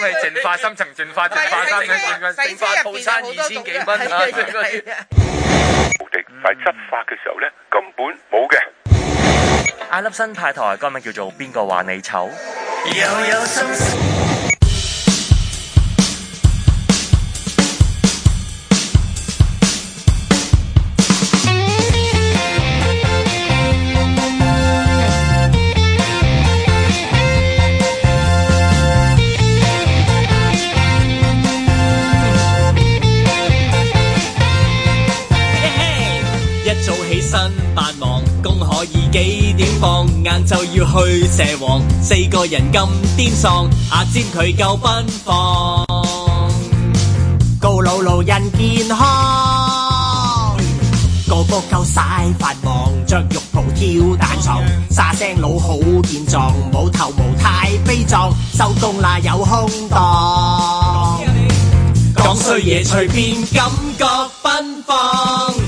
我哋淨化、深層淨化、淨化、翻緊、淨化套餐二千幾蚊啊！目的快執法嘅時候咧，根本冇嘅。艾粒新派台歌名叫做《邊個話你醜》。晏晝要去蛇王，四個人咁癲喪，阿、啊、尖佢夠奔放，高佬路人健康，個個 夠晒繁忙，着肉袍跳蛋床，沙 聲佬好健壯，冇頭毛太悲壯，收工啦有空檔， 講衰嘢隨便，感覺奔放。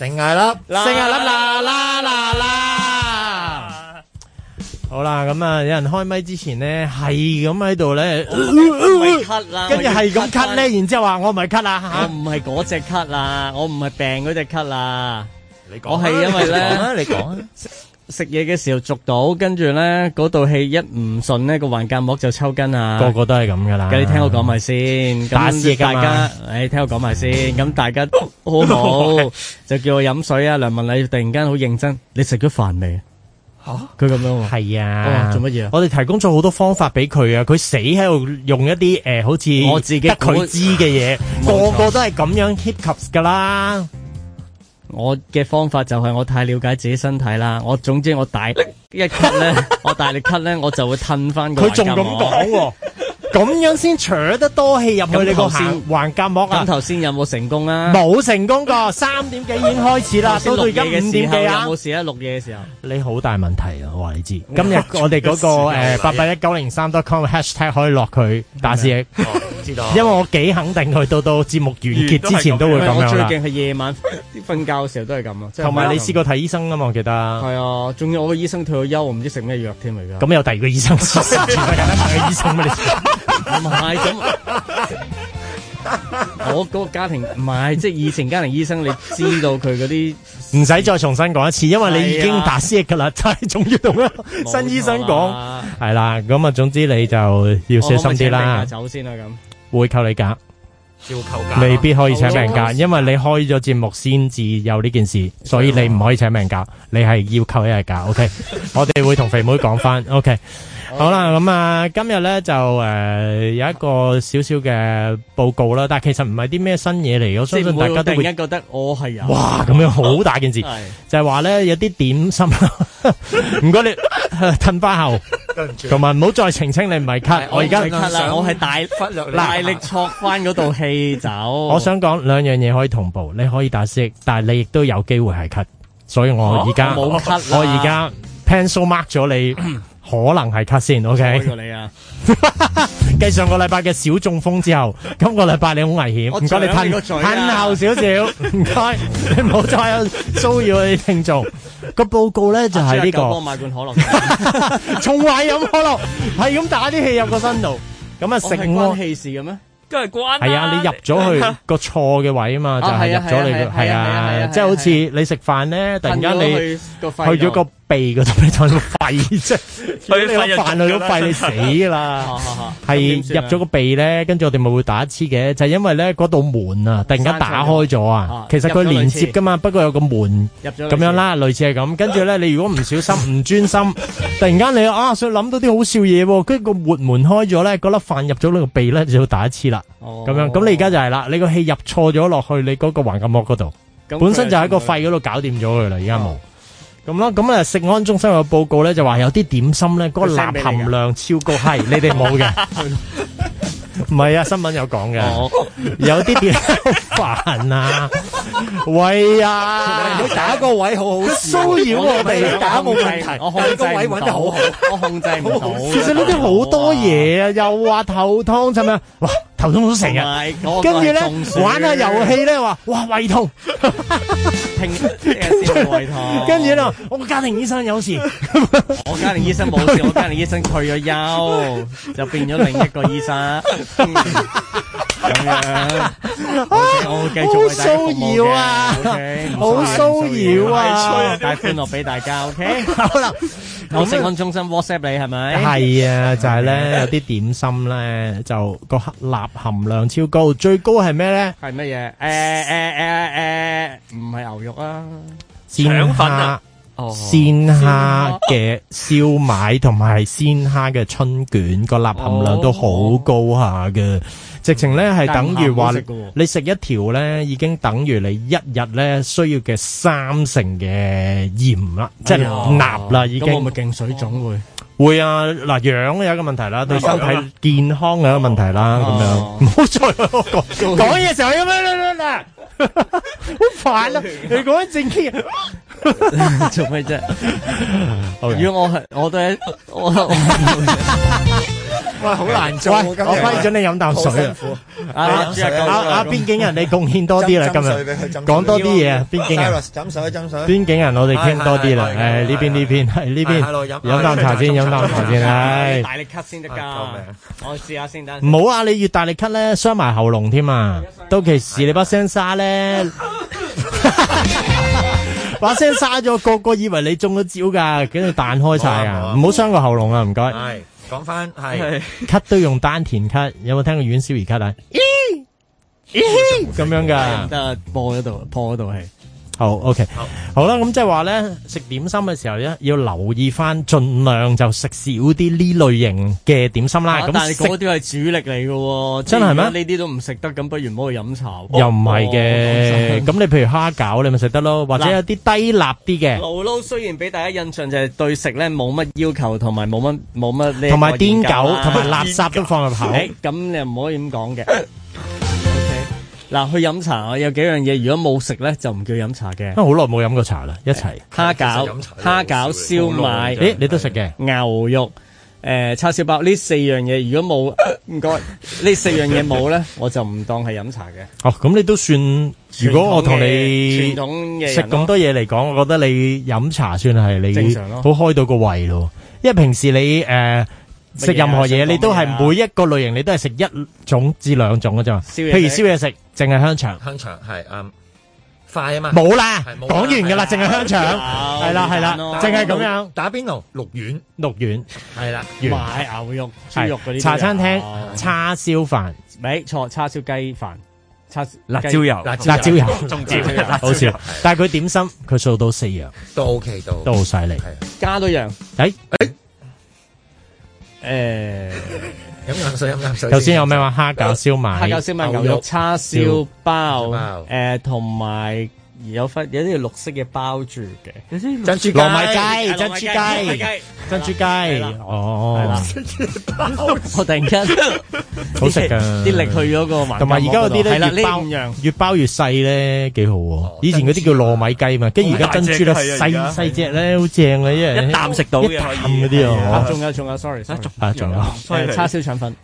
淨係粒，淨係粒啦啦啦啦！ 好啦，咁啊，有人開麥之前呢停停咧，係咁喺度咧，跟住係咁咳咧，然之後話我唔係咳啦，我唔係嗰隻咳啦，我唔係病嗰隻咳啦，你講係因為咧，你講. 食嘢嘅時候濁到，跟住咧嗰道氣一唔順咧個橫膈膜就抽筋啊！個個都係咁噶啦，咁你聽我講埋先，大家噶嘛？誒，聽我講埋先，咁大家都好好，就叫我飲水啊！梁文禮突然間好認真，你食咗飯未啊？吓，佢咁樣喎，係啊，做乜嘢？我哋提供咗好多方法俾佢啊，佢死喺度用一啲誒，好似我自己得佢知嘅嘢，個個都係咁樣 hip pops 噶啦。我嘅方法就係我太了解自己身體啦，我總之我大力一咳咧，我大力咳咧，我就會吞翻佢仲咁講喎，咁樣先扯得多氣入去呢個橫隔膜啊！咁頭先有冇成功啊？冇成功噶，三點幾已經開始啦，到到而家五點幾啊？有冇事咧？錄嘢嘅時候你好大問題啊！我話你知，今日我哋嗰個誒八八一九零三點 com hashtag 可以落佢大事。因為我幾肯定去到到節目完結之前都會咁樣啦。我最近係夜晚瞓瞓覺嘅時候都係咁啊。同埋你試過睇醫生啊嘛？我記得係啊，仲要我個醫生退咗休，唔知食咩藥添而家。咁有第二個醫生，試下第二個醫生啊！你唔係咁，我嗰個家庭唔係，即係以前家庭醫生你知道佢嗰啲，唔使再重新講一次，因為你已經答識噶啦，就係仲要同新醫生講係啦。咁啊，總之你就要小心啲啦。走先啦，咁。會扣你假，要扣假，未必可以請病假，因為你開咗節目先至有呢件事，所以你唔可以請病假，你係要扣一日假。OK， 我哋會同肥妹講翻。OK。好啦，咁啊，今日咧就誒有一個少少嘅報告啦，但係其實唔係啲咩新嘢嚟咯，相信大家都會覺得我係哇咁樣好大件事，就係話咧有啲點心。唔該你褪翻後，同埋唔好再澄清你唔係咳，我而家咳啦，我係大忽略，大力挫翻嗰度氣走。我想講兩樣嘢可以同步，你可以打息，但係你亦都有機會係咳，所以我而家，我而家 pencil mark 咗你。可能係 cut 先，OK？過你啊！繼上個禮拜嘅小中風之後，今個禮拜你好危險。唔該，你吞吞後少少。唔該，你唔好再有騷擾你啲聽眾。個報告咧就係呢個。幫我買罐可樂。從胃飲可樂，係咁打啲氣入個身度。咁啊，食關氣事嘅咩？跟住關係啊！你入咗去個錯嘅位啊嘛，就係入咗你嘅。係啊，即係好似你食飯咧，突然間你去咗個。鼻嗰度你坐到肺啫，如果你攞飯去攞肺，你死啦！係入咗個鼻咧，跟住我哋咪會打一次嘅，就因為咧，嗰度門啊，突然間打開咗啊，其實佢連接噶嘛，不過有個門咁樣啦，類似係咁。跟住咧，你如果唔小心、唔專心，突然間你啊想諗到啲好笑嘢，跟住個門開咗咧，嗰粒飯入咗呢個鼻咧，就要打一次啦。咁樣咁你而家就係啦，你個氣入錯咗落去你嗰個橫膈膜嗰度，本身就喺個肺嗰度搞掂咗佢啦，而家冇。咁咯，咁啊食安中心有報告咧就話有啲點心咧嗰個鈉含量超高，係你哋冇嘅，唔係啊，新聞有講嘅，有啲點心煩啊，喂啊，你打個位好好，佢騷擾我哋，打個問題，打個位揾得好好，我控制唔到，其實呢啲好多嘢啊，又話頭湯，咁樣哇。頭痛都成日，跟住咧玩下遊戲咧話，哇胃痛，跟 住，跟住咧，我個家庭醫生有事， 我家庭醫生冇事，我家庭醫生退咗休， 就變咗另一個醫生。 咁樣，好騷擾啊！好騷擾啊！帶片段俾大家，OK？嗱，我食安中心 WhatsApp 你係咪？係啊，就係咧，有啲點心咧，就個鈉含量超高，最高係咩咧？係乜嘢？誒誒誒誒，唔係牛肉啊，鮮蝦哦，鮮蝦嘅燒賣同埋鮮蝦嘅春卷，個鈉含量都好高下嘅。直情咧係等於話你食一條咧，已經等於你一日咧，需要嘅三成嘅鹽啦，即係鈉啦，已經會唔會勁水腫？會會啊。嗱，樣有一個問題啦，對身體健康有一個問題啦，咁樣唔好再講講嘢嘅時候咁樣啦啦啦，好煩啊！你講緊正經嘢做咩啫？如果我係我哋我。哇，好難做！我批准你飲啖水啊！阿阿阿邊境人，你貢獻多啲啦，今日講多啲嘢。邊境人，邊境人，我哋傾多啲啦。誒，呢邊呢邊係呢邊。飲飲啖茶先，飲啖茶先。大力咳先得噶！我試下先得。唔好啊！你越大力咳咧，傷埋喉嚨添啊！到其時你把聲沙咧，把聲沙咗，個個以為你中咗招噶，驚你彈開晒啊！唔好傷個喉嚨啊！唔該。講翻係， 咳都用丹田咳，有冇聽過阮小儀咳啊？咁 咳咳樣噶，得播喺度，播喺度係。好 OK，好啦，咁即係話咧，食點心嘅時候咧，要留意返，儘量就食少啲呢類型嘅點心啦。咁但係嗰啲係主力嚟嘅喎，真係咩？呢啲都唔食得，咁不如唔好去飲茶。又唔係嘅，咁你譬如蝦餃，你咪食得咯，或者有啲低辣啲嘅。老撈雖然俾大家印象就係對食咧冇乜要求，同埋冇乜冇乜呢一個同埋癲狗，同埋垃圾都放入口，咁你唔可以咁講嘅。嗱，去飲茶啊！有幾樣嘢，如果冇食咧，就唔叫飲茶嘅。我好耐冇飲過茶啦，一齊蝦餃、蝦餃、燒賣。咦，你都食嘅？牛肉、誒叉燒包呢四樣嘢，如果冇，唔該，呢四樣嘢冇咧，我就唔當係飲茶嘅。哦，咁你都算，如果我同你傳統嘢食咁多嘢嚟講，我覺得你飲茶算係你正常咯，好開到個胃咯。因為平時你誒。食任何嘢，你都係每一個類型，你都係食一種至兩種嘅啫。譬如燒嘢食，淨係香腸。香腸係啱快啊嘛。冇啦，講完嘅啦，淨係香腸。係啦係啦，淨係咁樣。打邊爐，鹿丸鹿丸係啦，買牛肉豬肉嗰啲。茶餐廳叉燒飯，咪錯叉燒雞飯，叉辣椒油辣椒油中招，好少。但係佢點心，佢做到四樣，都 OK，都都好犀利，加多樣。誒誒。誒，飲啖水飲啖水。頭先 有咩話？蝦餃燒賣、蝦餃燒賣、燒牛肉，牛肉叉燒燒包，誒肉，同埋、呃。有份有啲綠色嘅包住嘅珍珠雞，糯米雞，珍珠雞，珍珠雞，哦，珍珠我突然間好食噶啲力去咗個，同埋而家嗰啲咧，越包越細咧，幾好喎。以前嗰啲叫糯米雞嘛，跟住而家珍珠啦，細細隻咧，好正啊，一啖食到一啖嗰啲啊，仲有仲有，sorry，啊仲有叉燒腸粉。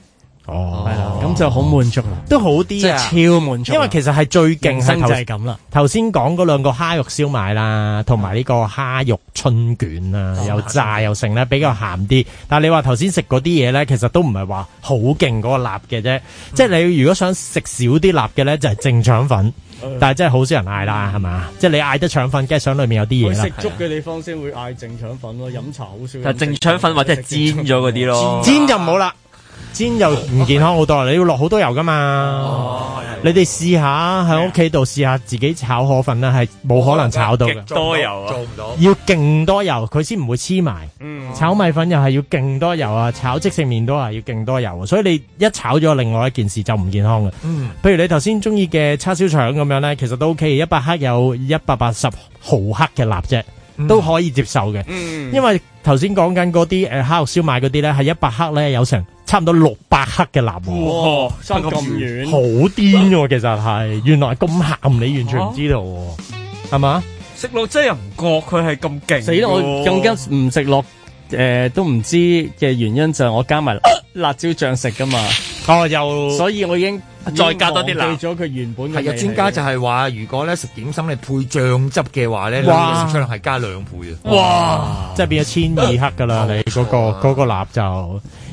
哦，係啦，咁就好滿足啦，都好啲，超滿足。因為其實係最勁，就係咁啦。頭先講嗰兩個蝦肉燒賣啦，同埋呢個蝦肉春卷啦，又炸又剩咧，比較鹹啲。但係你話頭先食嗰啲嘢咧，其實都唔係話好勁嗰個辣嘅啫。即係你如果想食少啲辣嘅咧，就係正腸粉，但係真係好少人嗌啦，係嘛？即係你嗌得腸粉，梗係想裏面有啲嘢啦。食粥嘅地方先會嗌正腸粉咯，飲茶好少。但正腸粉或者煎咗嗰啲咯，煎就唔好啦。先又唔健康好多，oh, yeah. 你要落好多油噶嘛？Oh, yeah, yeah. 你哋試下喺屋企度試下自己炒河粉啦，係冇 Yeah. 可能炒到多油做唔到，要勁多油，佢先唔會黐埋。Mm, oh. 炒米粉又係要勁多油啊，炒即食麵都係要勁多油，所以你一炒咗，另外一件事就唔健康嘅。譬、mm. 如你頭先中意嘅叉燒腸咁樣呢，其實都 OK，一百克有一百八十毫克嘅鈉啫，都、mm. 可以接受嘅。Mm. 因為頭先講緊嗰啲誒烤燒賣嗰啲呢，係一百克呢有成。差唔多六百克嘅辣，哇！差咁遠，好癲嘅，其實係原來咁鹹，你完全唔知道，係嘛？食落真係唔覺佢係咁勁，死啦！我更加唔食落誒，都唔知嘅原因就係我加埋辣椒醬食噶嘛，哦又，所以我已經再加多啲辣，記咗佢原本嘅嘢。係啊，專家就係話，如果咧食點心你配醬汁嘅話咧，哇，係加兩倍啊！哇，即係變咗千二克噶啦，你嗰個嗰個辣就。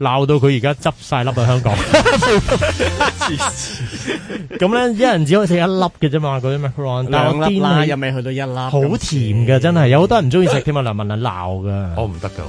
鬧到佢而家執晒粒喺香港呢，咁咧一人只可以食一粒嘅啫嘛，嗰啲 macaron，兩粒啦，又未去到一粒，好甜㗎真係，有好多人唔中意食添啊，梁文啊鬧㗎，我唔得㗎。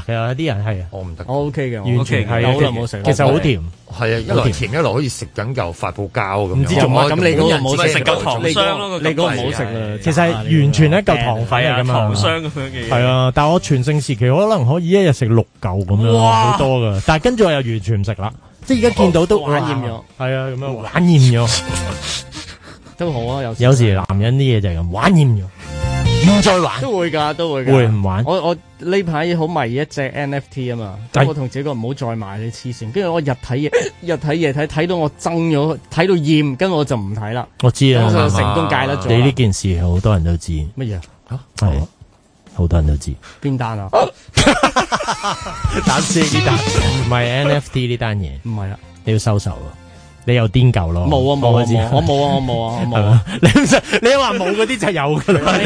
嘅有啲人係，我唔得，我 OK 嘅，完全係啊，好耐冇食，其實好甜，係啊，一嚟甜，一嚟可以食緊嚿發泡膠咁樣，唔知仲可咁，你嗰日冇食夠糖霜咯，你個唔好食啊，其實係完全一嚿糖粉嚟噶嘛，糖霜咁樣嘅嘢，係啊，但係我全盛時期可能可以一日食六嚿咁樣，好多噶，但係跟住我又完全唔食啦，即係而家見到都玩厭咗，係啊，咁樣玩厭咗，都好啊，有有時男人啲嘢就係咁玩厭咗。再玩都會㗎，都會㗎會唔玩？我我呢排好迷一隻 NFT 啊嘛，欸、我同自己講唔好再買，你黐線。跟住我日睇嘢，夜睇嘢，睇睇到我憎咗，睇到厭，跟住我就唔睇啦。我知啊，咁成功戒得咗。你呢件事好多人都知乜嘢啊？係好多人都知邊單啊？打四唔係 NFT 呢單嘢唔係啦， 啊、你要收手啊！你又癲舊咯？冇啊冇啊！我冇啊我冇啊！你唔信？你話冇嗰啲就係有噶啦！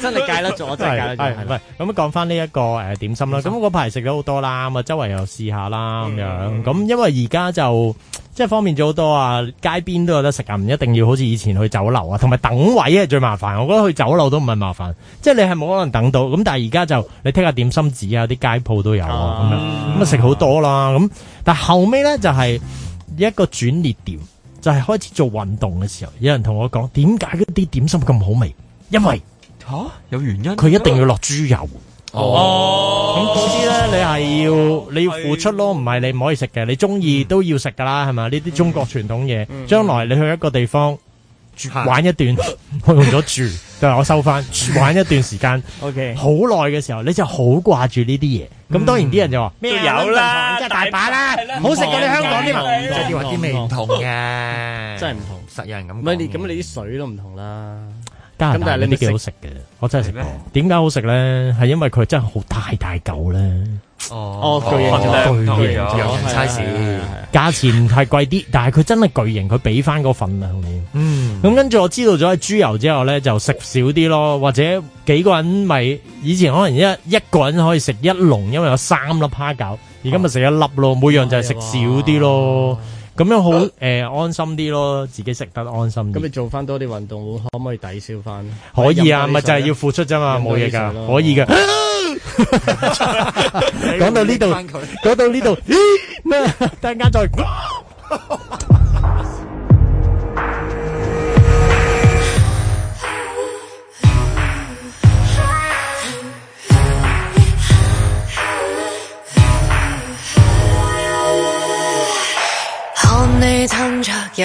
真係戒得咗，真係戒得咗。咁講翻呢一個誒點心啦，咁嗰排食咗好多啦，咁啊周圍又試下啦咁樣。咁因為而家就即係方便咗好多啊，街邊都有得食啊，唔一定要好似以前去酒樓啊，同埋等位係最麻煩。我覺得去酒樓都唔係麻煩，即係你係冇可能等到。咁但係而家就你聽下點心紙啊，啲街鋪都有啊，咁樣咁啊食好多啦。咁但係後尾咧就係。一個轉捩點就係開始做運動嘅時候，有人同我講點解嗰啲點心咁好味？因為嚇有原因，佢一定要落豬油。哦，咁嗰啲咧，你係要你要付出咯，唔係你唔可以食嘅，你中意都要食㗎啦，係咪？呢啲中國傳統嘢，將來你去一個地方。玩一段， 我用咗住， 但係我收翻玩一段時間。O K，好耐嘅時候，你就好掛住呢啲嘢。咁、嗯、當然啲人就話咩麼有啦，真係大把啦，同好食過你香港啲啊，即係話啲味唔同嘅，真係唔同，實有人咁。你咁你啲水都唔同啦。咁但係呢啲幾好食嘅，我真係食過。點解好食咧？係因為佢真係好大大嚿咧。哦，巨型啦，巨型差事。價錢係貴啲，但係佢真係巨型，佢俾翻個份量你。嗯。咁跟住我知道咗喺豬油之後咧，就食少啲咯，或者幾個人咪以前可能一一個人可以食一籠，因為有三粒蝦餃，而家咪食一粒咯。每樣就係食少啲咯。咁樣好誒安心啲咯，自己食得安心啲。咁你做翻多啲運動，可唔可以抵消翻？可以啊，咪就係要付出啫嘛，冇嘢噶，可以噶。講到呢度，講到呢度，咦？咩？突然間再。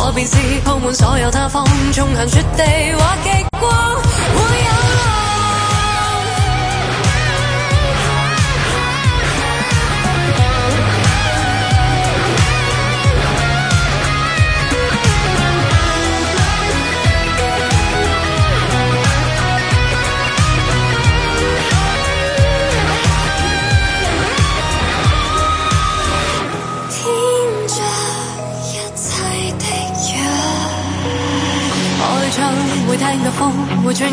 我便是鋪滿所有他方，衝向絕地或極光，會 有。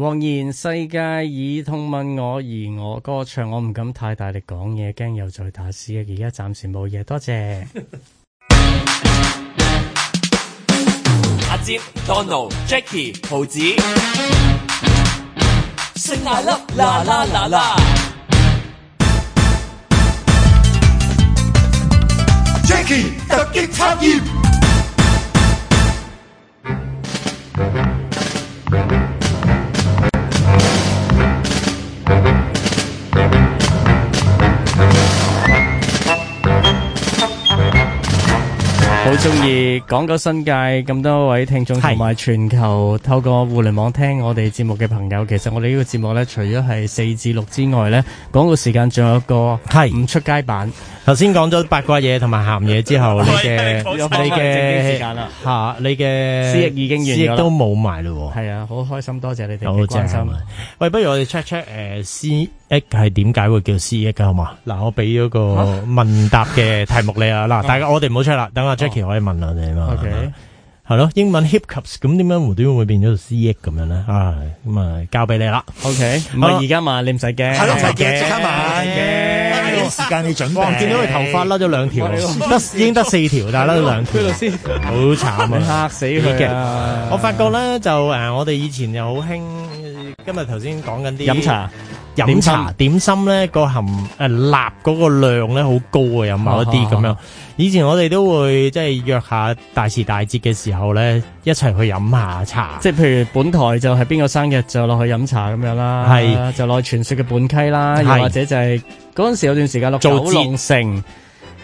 黃言：「世界以痛吻我，而我歌唱，我唔敢太大力講嘢，驚又再打屎。嘅。而家暫時冇嘢，多謝。 阿詹、Donald、Jackie、胡子，聖艾粒，啦啦啦啦，Jackie 特級參與。好中意講咗新界咁多位聽眾同埋全球透過互聯網聽我哋節目嘅朋友，其實我哋呢個節目咧，除咗係四至六之外咧，廣告時間仲有一個係唔出街版。頭先講咗八卦嘢同埋鹹嘢之後，你嘅你嘅時間啦吓，你嘅 C E 已經完咗，都冇埋咯。係啊，好開心，多謝你哋嘅關心。喂，不如我哋 check check 誒，C E 係點解會叫 C E 噶？好嘛，嗱，我俾咗個問答嘅題目你啊，嗱，大家我哋唔好 check 啦，等阿 Jack。可以問下你嘛？係咯，英文 hipcaps 咁點樣蝴蝶會變咗個 CE 咁樣咧？啊，咁啊交俾你啦。OK，唔係而家買，你唔使驚。係咯，唔使驚，而家買。時間要準㗎。我見到佢頭髮甩咗兩條，得已經得四條，但係甩咗兩條。老師好慘啊！嚇死佢啊！我發覺咧就誒，我哋以前又好興，今日頭先講緊啲飲茶。飲茶點心咧，個含誒鈉嗰個量咧好高啊有某！飲埋一啲咁樣，以前我哋都會即係約下大時大節嘅時候咧，一齊去飲下茶。即係譬如本台就係邊個生日就落去飲茶咁樣啦，係是就落去傳說嘅本溪啦，是又或者就係嗰陣時有段時間落做壯盛。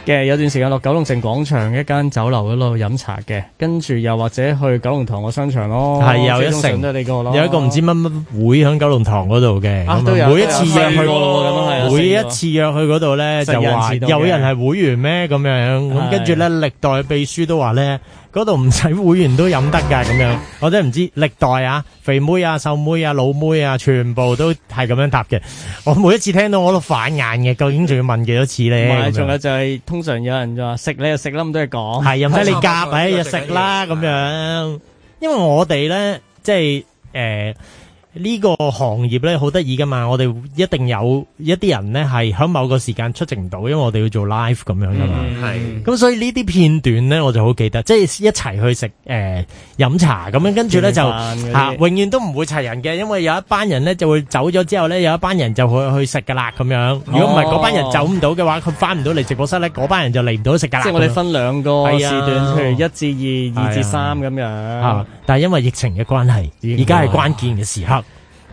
嘅有段時間落九龍城廣場一間酒樓嗰度飲茶嘅，跟住又或者去九龍塘個商場咯，係啊，又一城都你過咯，有一,一個唔知乜乜會響九龍塘嗰度嘅，每一次約去咯，咁每一次約去嗰度咧就話有人係會員咩咁是樣，咁跟住咧歷代秘書都話咧。嗰度唔使會員都飲得噶咁樣，我真係唔知歷代啊，肥妹啊、瘦妹啊、老妹啊，全部都係咁樣答嘅。我每一次聽到我都反眼嘅，究竟仲要問幾多次咧？唔係啊，仲有就係，通常有人就話食你就食啦，咁多嘢講，係又唔使你夾，係又食啦咁樣。因為我哋咧，即係誒。呃呢個行業咧好得意噶嘛，我哋一定有一啲人咧係喺某個時間出席唔到，因為我哋要做 live 咁樣噶嘛。係。咁所以呢啲片段咧我就好記得，即係一齊去食誒飲茶咁樣，跟住咧就嚇永遠都唔會齊人嘅，因為有一班人咧就會走咗之後咧，有一班人就會去食噶啦咁樣。如果唔係嗰班人走唔到嘅話，佢翻唔到嚟直播室咧，嗰班人就嚟唔到食噶啦。即係我哋分兩個時段，譬如一至二、二至三咁樣。嚇！但係因為疫情嘅關係，而家係關鍵嘅時刻。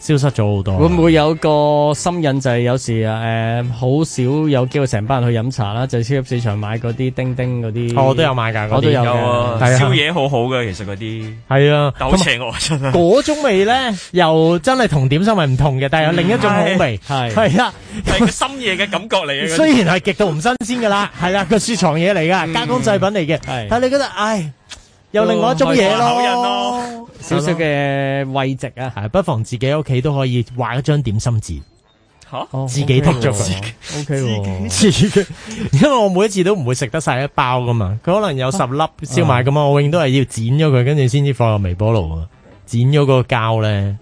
消失咗好多，會唔會有個心癮就係有時誒，好少有機會成班人去飲茶啦，就超級市場買嗰啲叮叮嗰啲，我都有買㗎，我都有嘅，宵夜好好嘅，其實嗰啲係啊，糾正我真係嗰種味咧，又真係同點心係唔同嘅，係啊，但係有另一種好味係係啊，係個深夜嘅感覺嚟嘅，雖然係極度唔新鮮㗎啦，係啦，個雪藏嘢嚟㗎，加工製品嚟嘅，係，但係你覺得唉，又另外一種嘢咯。少少嘅慰藉啊，係 不妨自己屋企都可以畫一張點心紙，吓 自己剔咗，佢。O K，自己， 因為我每一次都唔會食得晒一包噶嘛，佢可能有十粒燒賣噶嘛，啊、我永遠都係要剪咗佢，跟住先至放入微波爐啊，剪咗個膠咧，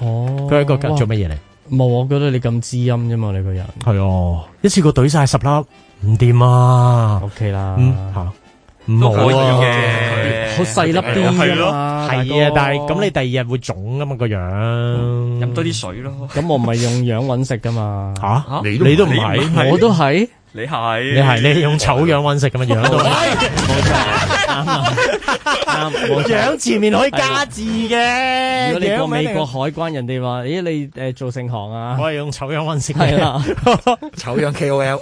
哦，佢一個膠、呃、做乜嘢嚟？冇，我覺得你咁滋陰啫嘛，你個人係 哦，一次過懟晒十粒唔掂啊，O K 啦，okay、了嗯，吓。唔可以，好細粒啲啊，係哥啊，但係咁你第二日會腫噶嘛個樣，飲多啲水咯。咁我唔係用樣搵食噶嘛。吓、嗯啊，你都你都唔係，你我都係，你係，你係你係用醜樣搵食咁啊樣。樣前面可以加字嘅。如果你過美國海關，人哋話，咦，你誒做盛行啊？我係用醜樣搵食嘅。醜樣 K O L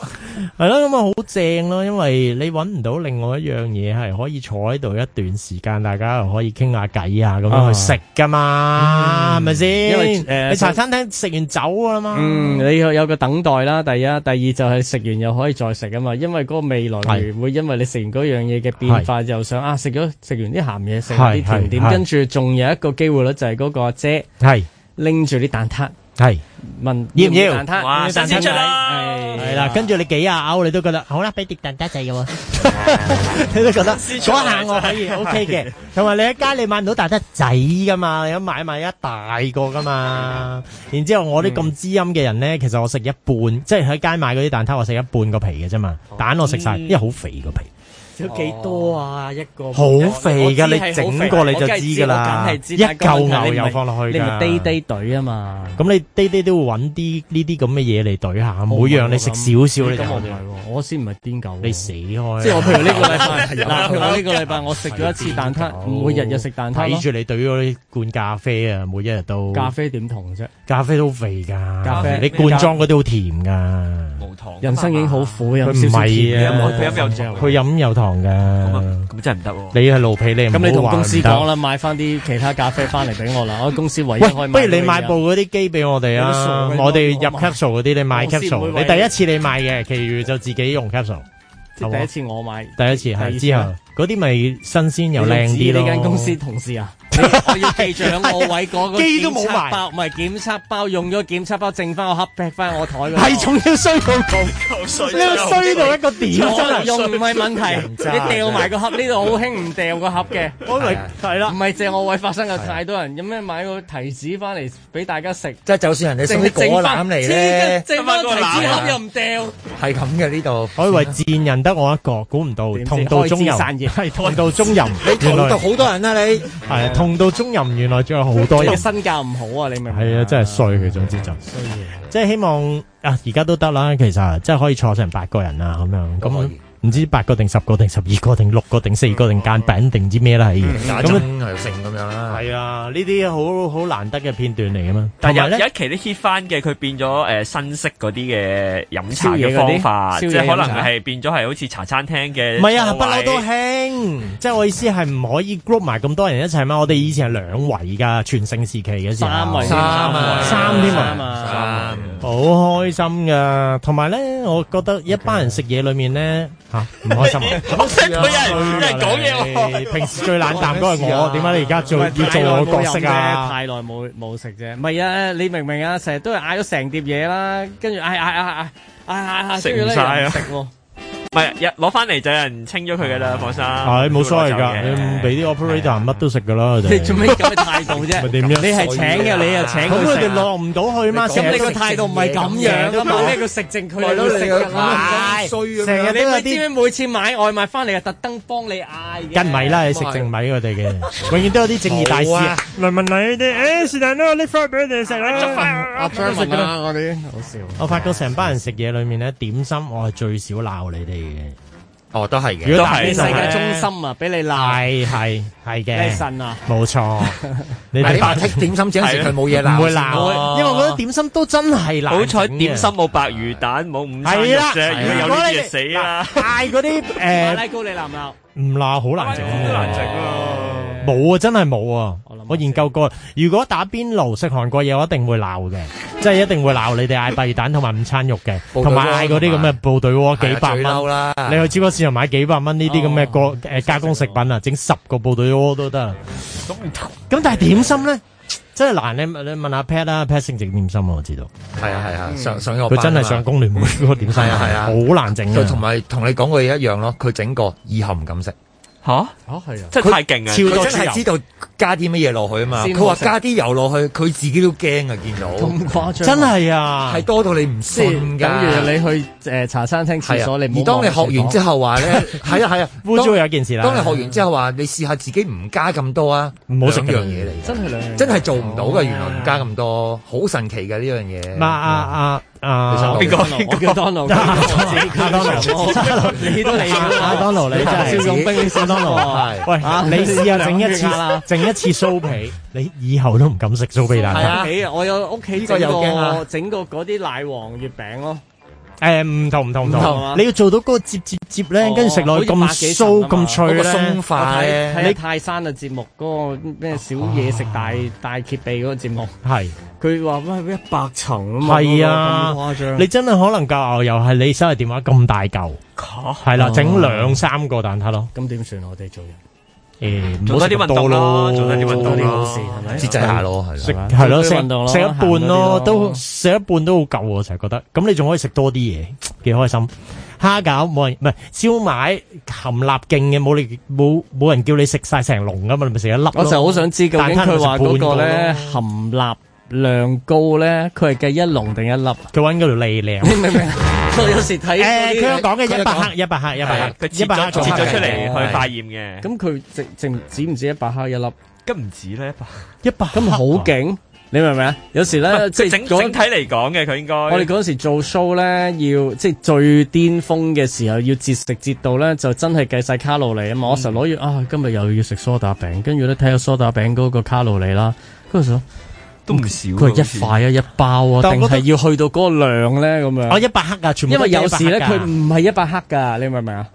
係咯，咁啊好正咯，因為你搵唔到另外一樣嘢係可以坐喺度一段時間，大家可以傾下偈啊，咁樣去食噶嘛，係咪先？因為誒，你茶餐廳食完走啊嘛。嗯，你要有個等待啦。第一，第二就係食完又可以再食啊嘛。因為嗰個味蕾會因為你食完嗰樣嘢嘅變化，又想啊食咗。食完啲鹹嘢，食啲甜點，跟住仲有一個機會咧就係嗰個阿姐拎住啲蛋撻，問要唔要？蛋先出嚟係啦，跟住你幾下咬，你都覺得好啦，俾碟蛋撻仔嘅喎，你都覺得嗰下我可以 OK 嘅。同埋你喺街你買唔到蛋撻仔噶嘛，有買埋一大個噶嘛。然之後我啲咁滋陰嘅人咧，其實我食一半，即係喺街買嗰啲蛋撻，我食一半個皮嘅啫嘛，蛋我食晒，因為好肥個皮。幾多啊一個？好肥噶，你整過你就知噶啦，一嚿牛油放落去噶，你咪堆堆懟啊嘛。咁你堆堆都會揾啲呢啲咁嘅嘢嚟懟下，每樣你食少少。咁我唔係，我先唔係癲狗。你死開！即係我譬如呢個禮拜，呢個禮拜我食咗一次蛋撻，每日日食蛋撻咯。睇住你懟嗰啲罐咖啡啊，每一日都。咖啡點同啫？咖啡都肥噶，咖啡你罐裝嗰啲好甜噶，無糖。人生已經好苦，佢唔係啊，佢飲有糖。佢飲有糖。嘅咁啊，咁真係唔得。你係驢皮，你唔咁你同公司講啦，買翻啲其他咖啡翻嚟俾我啦。我公司唯一開，不如你買部嗰啲機俾我哋啊。我哋入 capsule 嗰啲，你買 capsule。你第一次你買嘅，其餘就自己用 capsule。第一次我買，第一次係之後。嗰啲咪新鮮又靚啲咯！呢間公司同事啊，我要記住我位嗰個機都冇埋包，唔係檢測包用咗檢測包剩翻個盒，劈翻我台嗰度。係仲要衰到咁鳩衰，呢個衰到一個點真啊！用唔係問題，你掉埋個盒呢度好興，唔掉個盒嘅，我以為係啦，唔係借我位發生過太多人，有咩買個提子翻嚟俾大家食？即係就算人哋收啲果粒嚟咧，剩翻個提子盒又唔掉，係咁嘅呢度，我以為智人得我一個，估唔到同道中友。係同道中人，你同到好多人啊！你係同道中人，原來仲有好多人，身教唔好啊！你明？係啊，真係衰嘅，總之就衰嘢。即係希望啊，而家都得啦，其實即係可以坐成八個人啊，咁樣咁。唔知八個定十個定十二個定六個定四個定間餅定唔知咩啦，假咁係成咁樣啦。係啊，呢啲好好難得嘅片段嚟噶嘛。但係有一期啲 hit 翻嘅，佢變咗誒新式嗰啲嘅飲茶嘅方法，即係可能係變咗係好似茶餐廳嘅。唔係啊，不嬲都興。即係我意思係唔可以 group 埋咁多人一齊嘛。我哋以前係兩位噶全盛時期嘅時，三位，三位，三位，好開心噶。同埋咧，我覺得一班人食嘢裏面咧。吓，唔開心，冇食佢，有人有人講嘢喎。平時最冷淡嗰係我，點解你而家做要做我角色啊？太耐冇冇食啫，唔係啊？你明唔明啊？成日都係嗌咗成碟嘢啦，跟住嗌嗌嗌嗌嗌嗌，跟住咧又食喎。唔係，攞翻嚟就有人清咗佢噶啦，火生。係冇所謂噶，你唔俾啲 operator 乜都食噶啦。你做咩咁嘅態度啫？你係請嘅，你又請。咁佢哋落唔到去嘛？咁你個態度唔係咁樣噶嘛。咁咩叫食淨佢都食噶啦？衰啊！成日都有啲。知唔知每次買外賣翻嚟啊，特登幫你嗌。梗係啦，食淨米我哋嘅，永遠都有啲正義大師嚟問你啲。誒，善人，我搦飯俾你哋食啦。食啦，我哋好笑。我發覺成班人食嘢裏面咧，點心我係最少鬧你哋。哦，都係嘅，如果打啲世界中心啊，俾你瀨，係係嘅。咩神啊？冇錯，但係啲馬剔點心只係食佢冇嘢，唔會鬧，因為我覺得點心都真係好彩，點心冇白魚蛋，冇五。係啦，如果你嗌嗰啲誒馬拉糕，你鬧唔鬧？唔鬧，好難整，好難整啊！冇啊，真係冇啊！我研究過，如果打邊爐食韓國嘢，我一定會鬧嘅，即係一定會鬧你哋嗌大魚蛋同埋午餐肉嘅，同埋嗌嗰啲咁嘅部隊鍋幾百蚊。你去超級市場買幾百蚊呢啲咁嘅國誒加工食品啊，整十個部隊鍋都得。咁咁但係點心咧，真係難。你你問阿 Pat 啦，Pat 星級點心我知道。係啊係啊，上上我。佢真係上工聯會嗰個點心啊，好難整啊。就同埋同你講過嘢一樣咯，佢整過，以後唔敢食。吓，吓哈，係啊、哦！即係佢太勁啊！佢真係知道。加啲乜嘢落去啊嘛？佢話加啲油落去，佢自己都驚啊！見到咁誇張，真係啊，係多到你唔信㗎。等如你去誒茶餐廳、廁所，你而當你學完之後話咧，係啊係啊，都有一件事啦。當你學完之後話，你試下自己唔加咁多啊，唔好食樣嘢嚟。真係真係做唔到㗎，原來唔加咁多，好神奇㗎呢樣嘢。啊啊，阿阿邊個？麥當勞，麥當勞，你都你麥當勞，你真係少用冰啲麥當勞。喂，你試下整一次啦，整一。一次酥皮，你以後都唔敢食酥皮蛋撻。我有屋企整過，整個嗰啲奶黃月餅咯。誒，唔同唔同唔同，你要做到嗰個接接接咧，跟住食落去咁酥咁脆咧。鬆快，你泰山嘅節目嗰個咩小嘢食大大揭秘嗰個節目係，佢話咩一百層啊嘛，係啊，誇張。你真係可能教牛油係你手提電話咁大嚿，係啦，整兩三個蛋撻咯。咁點算啊？我哋做人。誒，欸、多做多啲運動咯，做多啲運動啲好事，係咪節制下咯？係，係咯吃，食運動咯，食一半咯，咯都食一半都好夠，我成日覺得。咁你仲可以食多啲嘢，幾開心。蝦餃冇人唔係燒賣含納勁嘅，冇你冇冇人叫你食晒成籠噶嘛，你咪食一,一,一粒。我就好想知究竟佢話嗰個咧含納量高咧，佢係計一籠定一粒？佢搵嗰條利量。明、嗯、明？嗯嗯 有時睇，誒，佢有講嘅一百克，一百克，一百克，佢一百克切咗出嚟，去化驗嘅。咁佢淨淨只唔止一百克一粒，咁唔止咧一百，一百，咁好勁，你明唔明啊？有時咧，即係整整體嚟講嘅，佢應該。我哋嗰時做 show 咧，要即係最巔峰嘅時候，要節食節到咧，就真係計晒卡路里啊嘛。我成日攞住啊，今日又要食梳打餅，跟住咧睇下梳打餅嗰個卡路里啦，嗰陣。佢係一塊啊，一包啊，定係要去到嗰個量咧？咁啊，我一百克啊，全部。因為有時咧，佢唔係一百克噶，你明唔明啊？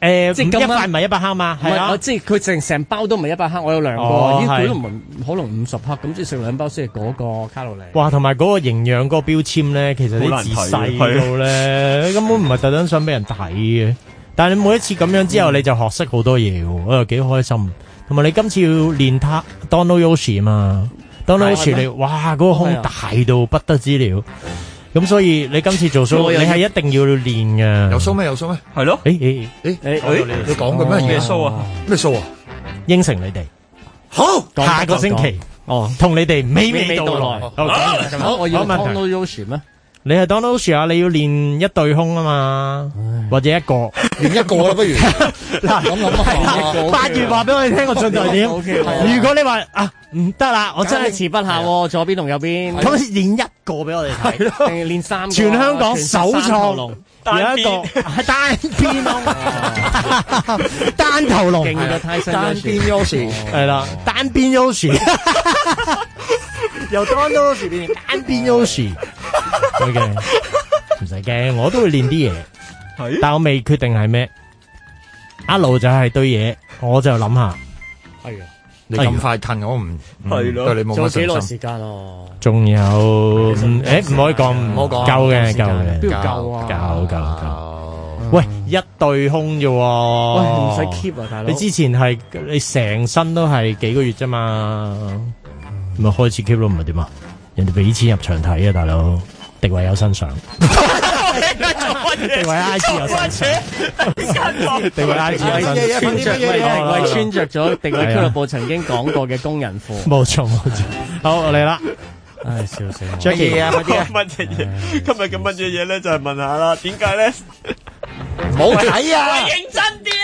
誒，即係一塊唔係一百克嘛？唔係我即係佢成成包都唔係一百克。我有兩個，依個都唔可能五十克咁，即係食兩包先係嗰個卡路里。哇！同埋嗰個營養嗰個標籤咧，其實啲字細到咧根本唔係特登想俾人睇嘅。但係你每一次咁樣之後，你就學識好多嘢，我又幾開心。同埋你今次要練他 Dono Yoshi 嘛？當撈船嚟，哇！嗰個胸大到不得之了，咁所以你今次做 show，你係一定要練嘅。有 show 咩？有 show 咩？係咯？誒誒誒誒，你講緊咩嘢 show 啊？咩 show 啊？應承你哋，好，下個星期哦，同你哋美美美到嚟，好，好。我用方撈船咩？你係 Donald 啊，你要練一對胸啊嘛，或者一個練一個啦，不如嗱咁諗啊，八月話俾我哋聽個進度係點？如果你話啊唔得啦，我真係遲不下，左邊同右邊，咁先練一個俾我哋睇，練三全香港首創，有一個單邊龍，單頭龍，勁到太犀利，單邊老師係啦，單邊老師。由當腰樹練練，變腰樹，唔使驚，唔使驚，我都會練啲嘢，係，但我未決定係咩，一路就係對嘢，我就諗下，係，你咁快褪我唔，係咯，做幾耐時間哦，仲有，誒唔可以講，唔可以講，夠嘅，夠嘅，夠啊，夠夠夠，喂一對胸啫，喂唔使 keep 啊，大佬，你之前係你成身都係幾個月咋嘛？咪開始 k e 唔係點啊？人哋俾錢入場睇啊，大佬，地位有新相，定位 I 有新。地位 I C 有新。定位穿着咗定位俱樂部曾經講過嘅工人褲。冇錯冇錯。好，我嚟啦！唉，笑死我。Jackie 啊，快啲乜嘢嘢？今日嘅乜嘢嘢咧，就係問下啦。點解咧？冇睇啊！我認真啲。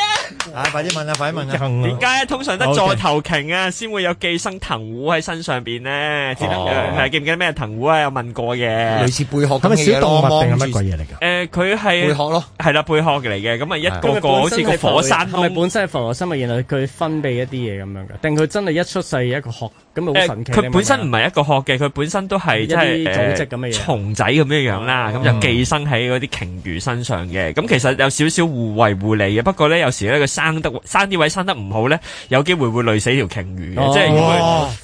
啊！快啲問啊！快啲問啊！點解 Okay. 行通常得座頭鯨啊，先 Okay. 會有寄生藤壺喺身上邊呢？係、哦、記唔記得咩藤壺啊？有問過嘅，類似貝殼咁嘅小動物定係乜鬼嘢嚟噶？誒看、啊，佢係貝殼咯，係啦貝殼嚟嘅。咁啊一個個好似的個火山，係咪本身係浮羅生物？原來佢分泌一啲嘢咁樣嘅，定佢真係一出世一個殼？誒，佢本身唔係一個殼嘅，佢本身都係一啲組織咁嘅蟲仔咁嘅樣啦，咁就寄生喺嗰啲鯨魚身上嘅。咁其實有少少互惠互利嘅，不過咧有時咧佢生得生啲位生得唔好咧，有機會會累死條鯨魚嘅，即係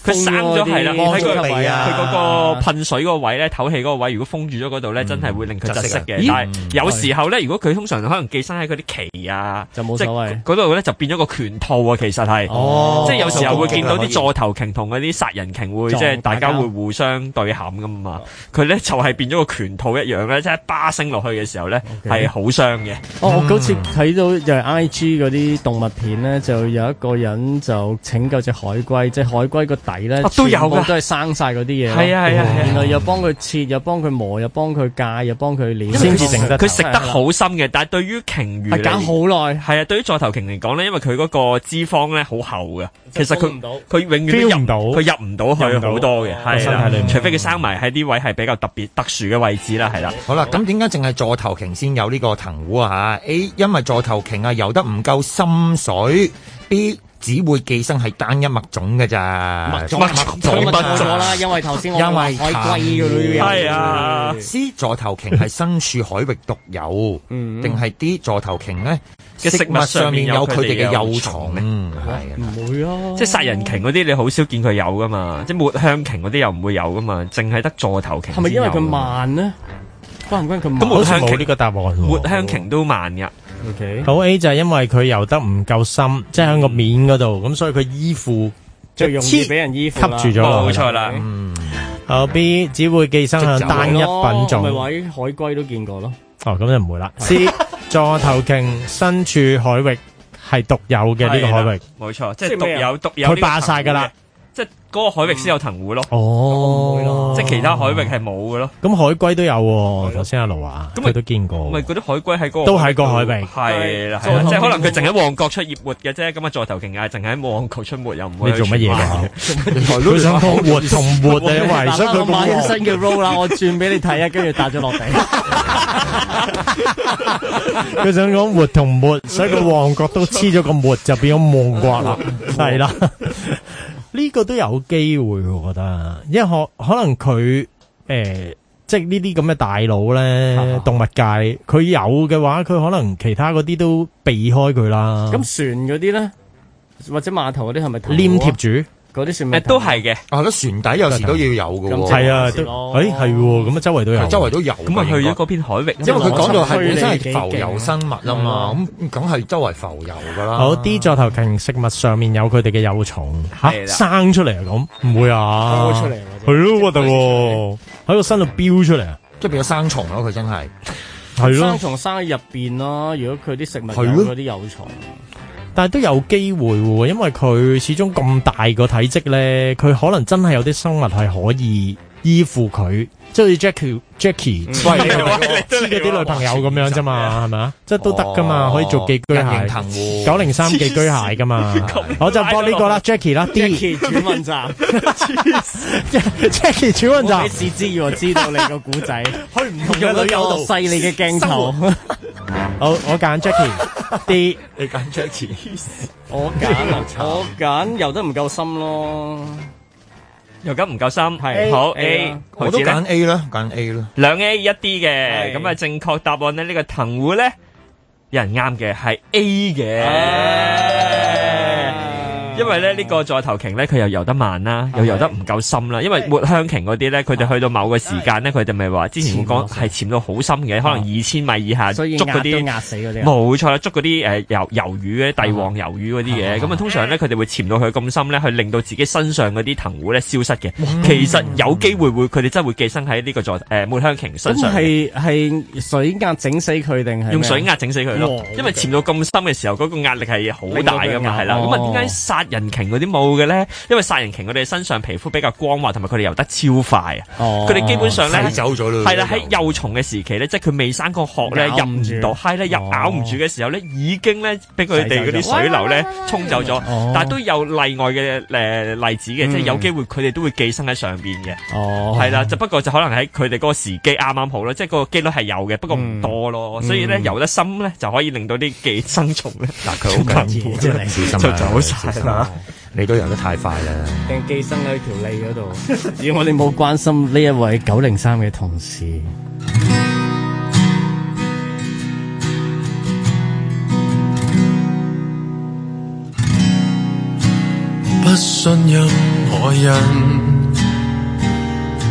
佢生咗係啦，睇佢個位，佢嗰個噴水嗰個位咧、唞氣嗰個位，如果封住咗嗰度咧，真係會令佢窒息嘅。但係有時候咧，如果佢通常可能寄生喺佢啲鰭啊，就冇所謂嗰度咧就變咗個拳套啊，其實係，即係有時候會見到啲座頭鯨同嗰啲殺人鯨會即係大家會互相對撼㗎嘛？佢咧就係變咗個拳套一樣咧，即係巴聲落去嘅時候咧係好傷嘅。哦，我嗰次睇到就係 IG 嗰啲動物片咧，就有一個人就拯救隻海龜，即係海龜個底咧，全部都係生晒嗰啲嘢。係啊係啊係，原來又幫佢切，又幫佢磨，又幫佢鎅，又幫佢理，先至整得。佢食得好深嘅，但係對於鯨魚嚟，係搞好耐。係啊，對於座頭鯨嚟講咧，因為佢嗰個脂肪咧好厚嘅，其實佢佢永遠都入唔到。佢入唔到去好多嘅，係啦，除非佢生埋喺呢位係比較特別、嗯、特殊嘅位置啦，係啦。嗯、好啦吧，咁點解淨係座頭鯨先有呢個藤壺啊？嚇，A，因為座頭鯨啊遊得唔夠深水，B。只會寄生係單一物種嘅咋，物種物種啦，因為頭先我話海龜嘅都有。係啊，絲座頭鯨係身處海域獨有，定係啲座頭鯨呢？嘅食物上面有佢哋嘅幼蟲咧，係啊，唔會啊，即係殺人鯨嗰啲你好少見佢有噶嘛，即係抹香鯨嗰啲又唔會有噶嘛，淨係得座頭鯨。係咪因為佢慢呢？關唔關佢慢？咁冇呢個答案喎。抹香鯨都慢㗎。好 A 就係因為佢游得唔夠深，即係喺個面嗰度，咁所以佢依附，即係容易俾人依附啦，吸住咗啦，冇錯啦。嗯，後 B 只會寄生喺單一品種，咪話啲海龜都見過咯。哦，咁就唔會啦。C 座頭鯨身處海域係獨有嘅呢個海域，冇錯，即係獨有獨有。佢霸晒噶啦。嗰個海域先有藤壺咯，哦，即係其他海域係冇嘅咯。咁海龜都有喎，頭先阿盧話咁佢都見過，咪嗰啲海龜喺嗰個都喺個海域係啦，即係可能佢淨喺旺角出業活嘅啫。咁啊，座頭鯨啊，淨喺旺角出沒又唔會。你做乜嘢嘅？佢想講活同活嘅，所以佢買咗新嘅 role 啦，我轉俾你睇啊，跟住打咗落地。佢想講活同活，所以個旺角都黐咗個活，就變咗旺角啦。係啦。呢個都有機會，我覺得，因為可可能佢誒、呃，即係呢啲咁嘅大佬咧，哈哈動物界佢有嘅話，佢可能其他嗰啲都避開佢啦。咁船嗰啲咧，或者碼頭嗰啲係咪黏貼住？啲船誒都係嘅，係咯，船底有時都要有嘅喎，係啊，都誒係喎，咁啊周圍都有，周圍都有，咁啊去咗嗰片海域，因為佢講到係真係浮游生物啊嘛，咁梗係周圍浮游嘅啦。好啲座頭鯨食物上面有佢哋嘅幼蟲生出嚟啊咁，唔會啊，生出嚟，係咯，核突喺個身度飚出嚟，即係變咗生蟲咯，佢真係係咯，生蟲生喺入邊咯，如果佢啲食物有嗰啲幼蟲。但係都有機會喎，因為佢始終咁大個體積呢，佢可能真係有啲生物係可以依附佢。即係 Jackie，Jackie，唔係你，你都係啲女朋友咁樣啫嘛，係咪啊？即係都得噶嘛，可以做寄居蟹，九零三寄居蟹噶嘛。我就播呢個啦 Jackie 啦，D。Jackie 轉運站。Jackie 轉運站。知之遙知道你個古仔，去唔同角度有啲細膩嘅鏡頭。好，我揀 Jackie D 你揀 Jackie 我揀，我揀游得唔夠深咯。又咁唔夠深，係 A 好 A，我都揀 A 啦，揀 A 啦，兩 A 一 D 嘅，咁啊是正確答案咧，這個、呢個藤壺咧，有人啱嘅係 A 嘅。是因為咧呢個座頭鯨咧，佢又游得慢啦，又游得唔夠深啦。因為抹香鯨嗰啲咧，佢哋去到某個時間咧，佢哋咪話之前我講係潛到好深嘅，可能二千米以下所以壓都壓死嗰啲。冇錯啦，捉嗰啲誒魷魷魚咧，帝王魷魚嗰啲嘢，咁是啊通常咧佢哋會潛到佢咁深咧，去令到自己身上嗰啲藤壺咧消失嘅。哇其實有機會會佢哋真係會寄生喺呢個在、呃、抹香鯨身上。咁係係水壓整死佢定係用水壓整死佢咯？因為潛到咁深嘅時候，嗰個壓力係好大噶嘛，係啦。咁啊點解殺人鯨嗰啲冇嘅咧，因為殺人鯨，佢哋身上皮膚比較光滑，同埋佢哋游得超快啊！佢哋基本上咧，走咗啦。係啦，喺幼蟲嘅時期咧，即係佢未生個殼咧，入唔到閪咧，入咬唔住嘅時候咧，已經咧俾佢哋嗰啲水流咧沖走咗。但係都有例外嘅誒例子嘅，即係有機會佢哋都會寄生喺上邊嘅。哦，係啦，就不過就可能喺佢哋嗰個時機啱啱好啦，即係個機率係有嘅，不過唔多咯。所以咧游得深咧，就可以令到啲寄生蟲咧，嗱佢好緊要，就走曬啦。你都游得太快啦！定寄生喺條脷嗰度，只要我哋冇關心呢一位九零三嘅同事， 不信任何人，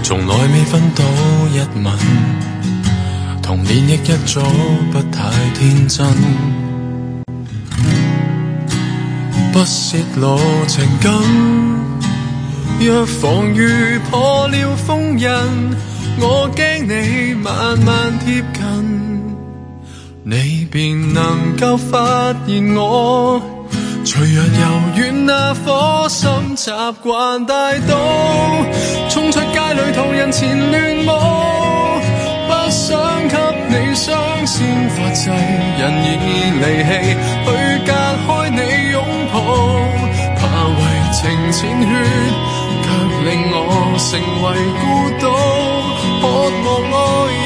從來未分到一吻，童年亦一早不太天真。 不泄露情感，若防御破了封印，我驚你慢慢貼近，你便能夠發現我，隨日遊遠那顆心習慣大刀，衝出街裏同人前亂舞，不想給你傷先發制人已離棄。淺血，卻令我成為孤島，渴望愛。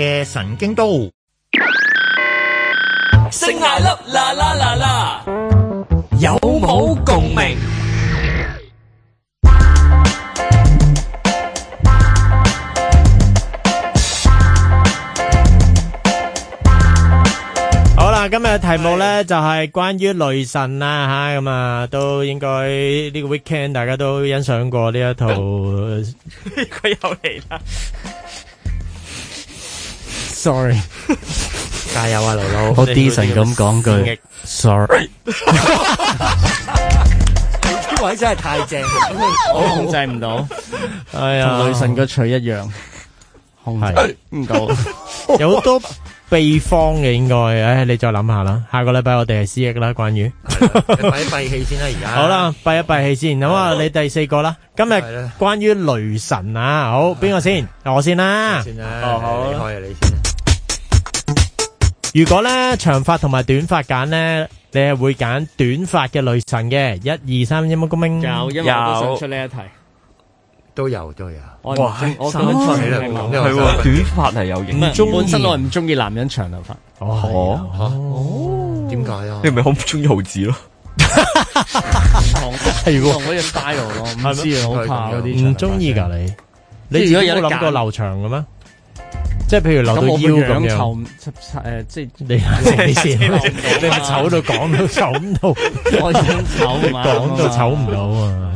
嘅神經刀，聖艾粒啦啦啦啦，有冇共鳴？好啦，今日嘅題目咧就係關於雷神啦吓，咁啊都應該呢個 weekend 大家都欣賞過呢一套，佢又嚟啦。Sorry，加油啊，老佬！好 decent 咁講句，Sorry，呢位真係太正，我控制唔到，哎呀，雷神個嘴一樣，控制唔到，有好多秘方嘅應該，唉，你再諗下啦。下個禮拜我哋係 C E 啦，關於閉閉氣先啦，而家好啦，閉一閉氣先。咁啊，你第四個啦，今日關於雷神啊，好邊個先？我先啦，哦好，你開啊，你先。如果咧長髮同埋短髮揀咧，你係會揀短髮嘅女神嘅？一二三一蚊公英有，有都想出呢一題，都有都有。哇，我咁樣短髮係有型，中本身我唔中意男人長頭髮。哦，哦，點解啊？你咪好唔中意胡子咯？係喎，我 style 咯，唔知啊，我怕有啲唔中意噶你。你有冇諗過留長嘅咩？即係譬如留到腰咁樣，咁我唔會仰頭，誒，即係你，你醜到講都醜唔到，我醜嘛，講都醜唔到啊！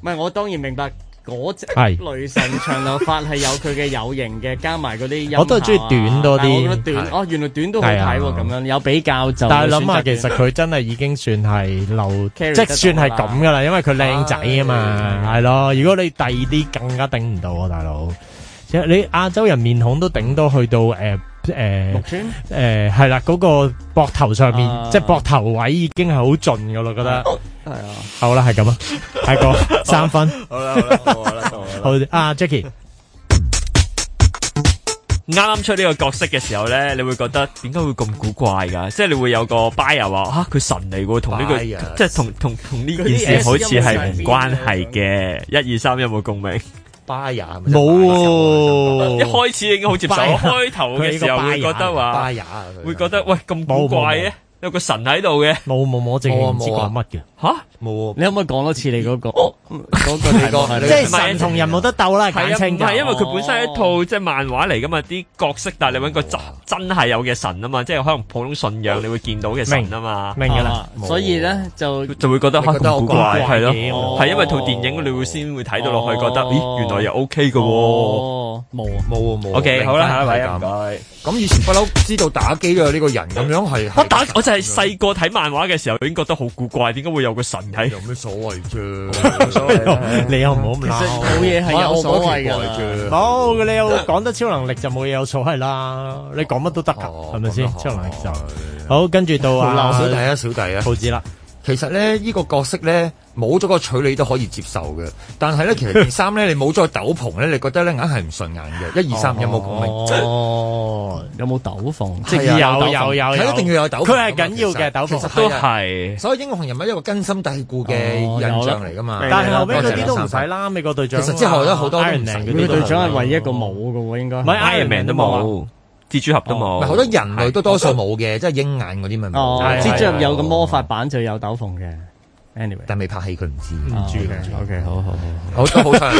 唔係，我當然明白嗰只係雷神長留髮係有佢嘅有型嘅，加埋嗰啲，我都係中意短多啲。我覺得短哦，原來短都好睇喎，咁樣有比較就。但係諗下，其實佢真係已經算係留，即係算係咁噶啦，因為佢靚仔啊嘛，係咯。如果你第二啲更加頂唔到啊，大佬。你亞洲人面孔都頂多去到誒誒，誒係啦，嗰個膊頭上面，即係膊頭位已經係好盡噶咯，覺得係啊，好啦，係咁啊，泰哥三分，好啦好啦好啦，好阿 Jackie，啱啱出呢個角色嘅時候咧，你會覺得點解會咁古怪噶？即係你會有個 by 又話吓佢神嚟噶，同呢個即係同同同呢件事好似係唔關係嘅，一二三有冇共鳴？巴雅冇喎，是是會會啊、一開始已經好接受。我開頭嘅時候會覺得話，巴雅，巴雅會覺得、這個、會覺得喂咁古怪嘅。有個神喺度嘅，冇冇冇，我淨係唔知講乜嘅。吓？冇。你可唔可以講多次你嗰個？哦，嗰個係咯，即係神同人冇得鬥啦，簡稱。但係因為佢本身係一套即係漫畫嚟噶嘛，啲角色，但係你揾個真真係有嘅神啊嘛，即係可能普通信仰你會見到嘅神啊嘛，明啦。所以咧就就會覺得覺得好怪嘅，係咯，係因為套電影你會先會睇到落去，覺得咦原來又 OK 嘅喎。冇冇冇。O K，好啦，係咪？拜拜。咁以前不嬲知道打機嘅呢個人咁樣係，我打我真係。細個睇漫畫嘅時候，已經覺得好古怪，點解會有個神體？你有咩所謂啫、 哎？你又唔好鬧。其實冇嘢係有口口所謂嘅。冇， 你又講得超能力就冇嘢有錯係啦。 你講乜都得噶，係咪先？超能力就係、 好，跟住到啊小弟啊小弟啊，好知啦。其實咧，呢個角色咧，冇咗個彩你都可以接受嘅。但係咧，其實件衫咧，你冇咗個斗篷咧,你覺得咧硬係唔順眼嘅。一二三，有冇？哦，有冇斗篷？即係有有有，係一定要有斗篷。佢係緊要嘅斗篷都係。所以英雄人物一個根深蒂固嘅印象嚟噶嘛。但係後尾，嗰啲都唔使啦。美國隊長其實之後好多 Iron Man 嘅隊長係唯一個冇嘅喎，應該。唔係 Iron Man 都冇。蜘蛛俠都冇，好多人類都多數冇嘅，即係鷹眼嗰啲咪冇。蜘蛛俠有個魔法版就有斗篷嘅，anyway。但未拍戲佢唔知，唔知嘅。O K，好好好，好都好彩。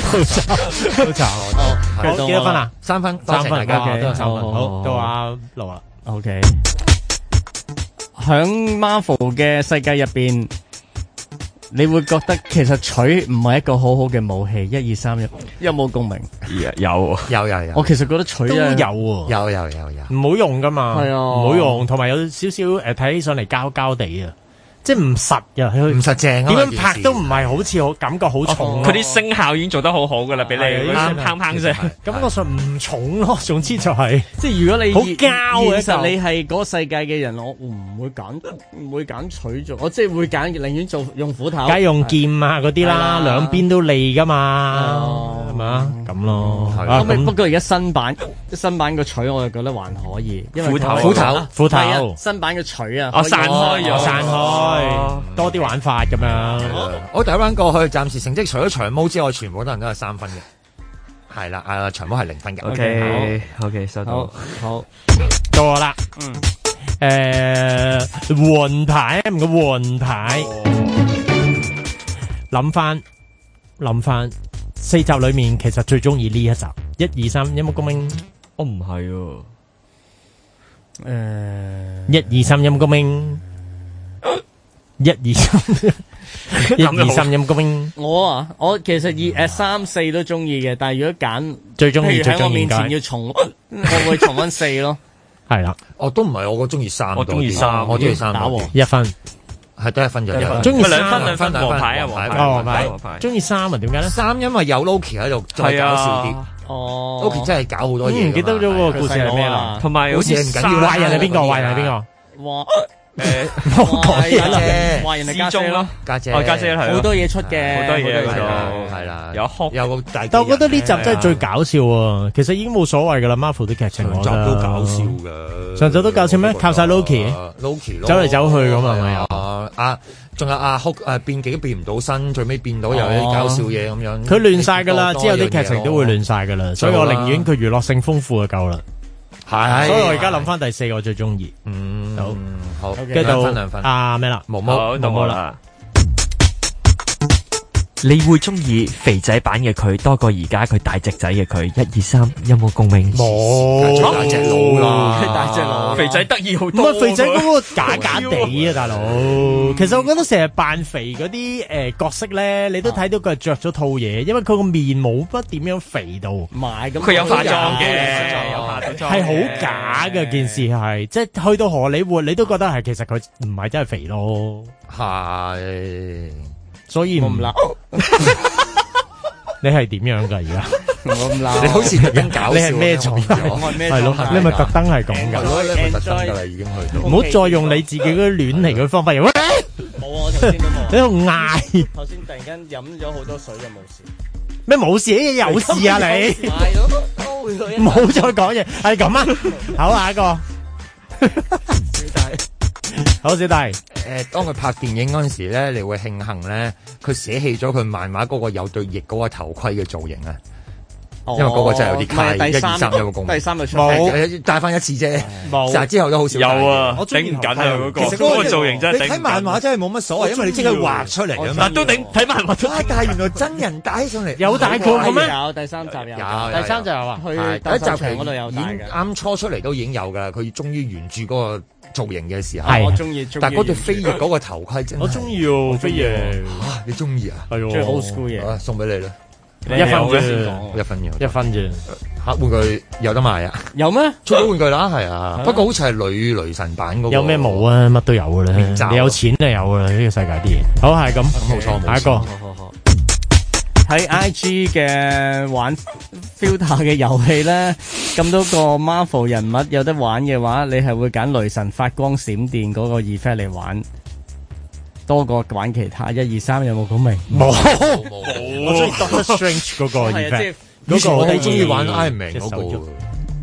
好彩，好彩。好，幾多分啊？三分，三分，大家，三分，好到阿六啊，O K。響 Marvel 嘅世界入邊。你會覺得其實取唔係一個好好嘅武器，一二三一有冇共鳴？有有有有，有 我其實覺得取都有有有有有，唔好用噶嘛，啊，係啊，唔好用，同埋有少少誒，呃，睇起上嚟膠膠地啊。即係唔實又唔實正，點樣拍都唔係好似好感覺好重。佢啲聲效已經做得好好噶啦，俾你啱，嘭嘭聲。感覺上唔重咯。總之就係即係如果你好膠。其實你係嗰個世界嘅人，我唔會揀，唔會揀錘做，我即係會揀寧願做用斧頭。梗係用劍啊嗰啲啦，兩邊都利噶嘛，係嘛咁咯。咁不過而家新版新版個錘，我就覺得還可以。因為斧頭，斧頭，斧頭。新版嘅錘啊，我散開，我散開。多啲玩法咁樣、嗯呃，我第一 round 過去，暫時成績除咗長毛之外，全部都係都係三分嘅，係啦，阿長毛係零分嘅。O K，O K，收到，好，好到我啦。嗯，誒，換牌唔係換牌，諗翻諗翻四集裏面，其實最中意呢一集。一二三，有冇共鳴？我唔係啊。誒，uh, 一二三，有冇共鳴？一二三，一二三，音我啊，我其實二誒三四都中意嘅，但係如果揀最中意，最中意揀。譬如喺我面前要重，我會重溫四咯。係啦，我都唔係，我我中意三我中意三，我中意三一分，係得一分就一分。中意兩分兩分兩分。牌啊，黃牌，黃牌。中意三啊？點解呢？三因為有 Loki 喺度，再搞笑啲。哦，Loki 真係搞好多嘢。唔記得咗個故事係咩啦？同埋好似唔緊要，壞人係邊個？壞人係邊個？冇改啫，話人哋家姐咯，家姐，哦，家姐係好多嘢出嘅，好多嘢係啦，有哭又大，但我覺得呢集真係最搞笑喎。其實已經冇所謂噶啦，Marvel 啲劇情，集都搞笑噶，上集都搞笑咩？靠晒 Loki，Loki 走嚟走去咁係咪啊？啊，仲有阿哭啊變極都變唔到身，最尾變到又有搞笑嘢咁樣，佢亂晒噶啦，之後啲劇情都會亂晒噶啦，所以我寧願佢娛樂性豐富就夠啦。係，所以我而家諗翻第四個我最中意。嗯，以好，好，跟住到啊咩啦，毛毛到我啦。你會中意肥仔版嘅佢多過而家佢大隻仔嘅佢，一二三，有冇共鳴？冇，大隻佬啦，大隻佬，肥仔得意好多。唔係肥仔嗰個假假地啊，大佬。其實我覺得成日扮肥嗰啲誒角色咧，你都睇到佢着咗套嘢，因為佢個面冇乜點樣肥到。唔係，佢有化妝嘅，係好假嘅件事係，即係去到荷里活，你都覺得係其實佢唔係真係肥咯。係。所以唔鬧，你係點樣噶而家？我唔鬧，你好似特登搞笑，你係咩狀態？係咯，你咪特登係咁噶。你唔特登噶啦，已經去到。唔好再用你自己嗰啲亂嚟嘅方法。喂，冇啊，頭先都冇。你喺度嗌。頭先突然間飲咗好多水就冇事。咩冇事？有事啊你？買咗高水。冇再講嘢，係咁啊！好，下一個。好，小弟，誒，當佢拍電影嗰陣時咧，你會慶幸咧，佢捨棄咗佢漫畫嗰個有對翼嗰個頭盔嘅造型啊，因為嗰個真係有啲誇張。第三有冇功？冇，戴翻一次啫，冇。但係之後都好少有啊。頂唔緊啊嗰個。其實嗰個造型真係頂。睇漫畫真係冇乜所謂，因為你即刻畫出嚟。我都頂。睇漫畫但係原來真人戴上嚟有戴過嘅咩？有第三集有。有第三集有。係嘛？第一集其實我都有演。啱初出嚟都已經有噶，佢終於原著嗰個造型嘅時候，係，但係嗰對飛翼嗰個頭盔真係，我中意哦，飛翼，吓你中意啊，係哦，中 old school 嘢，送俾你啦，一分嘅，一分嘅，一分嘅，吓玩具有得賣啊，有咩出咗玩具啦，係啊，不過好似係女雷神版嗰個，有咩冇啊，乜都有嘅喇，你有錢就有啦呢個世界啲嘢，好係咁，冇錯，下一個。喺 IG 嘅玩 filter 嘅遊戲咧，咁多個 Marvel 人物有得玩嘅話，你係會揀雷神發光閃電嗰個 effect 嚟玩多過玩其他一二三有冇講明？冇，我中意 Doctor Strange 嗰個 effect，嗰個我哋中意玩 Iron Man 嗰個。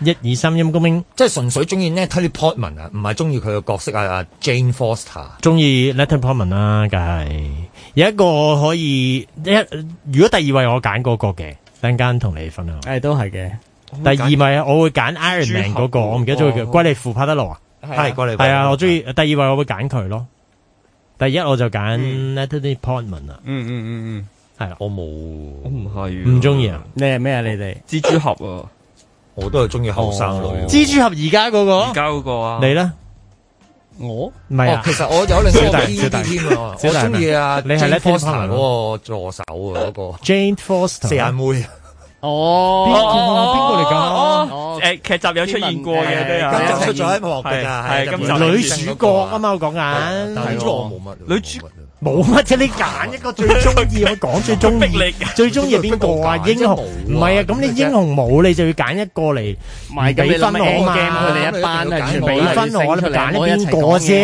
一二三音公兵，即係純粹中意 Natalie Portman 啊，唔係中意佢嘅角色啊，Jane Foster。中意 Natalie Portman 啦，梗係有一個可以一。如果第二位我揀嗰個嘅，等間同你分享。誒，都係嘅。第二位我會揀 Iron Man 嗰個，我唔記得意叫，Gwyneth Paltrow 啊，係 Gwyneth 係啊，我中意第二位我會揀佢咯。第一我就揀 Natalie Portman 啊，嗯嗯嗯嗯，係啦，我冇，我唔係，唔中意啊。咩？咩啊？你哋蜘蛛俠啊？我都係中意後生女。蜘蛛俠而家嗰個，而家嗰個啊。你咧？我唔係啊，其實我有兩隻 B B 添啊。我中意啊，你係 Letty Foster 嗰個助手啊，嗰個 Jane Foster 四眼妹啊。哦哦，邊個嚟噶？誒，劇集有出現過嘅，今集出咗喺幕嘅，係今集女主角啱啱，我講緊。女主角冇乜，女主角。冇乜啫，你揀一個最中意，我講最中意，最中意係邊個啊？英雄唔係啊，咁你英雄冇，你就要揀一個嚟賣俾分落嘛。佢哋一班啊，全俾分落，你揀啲邊個啫？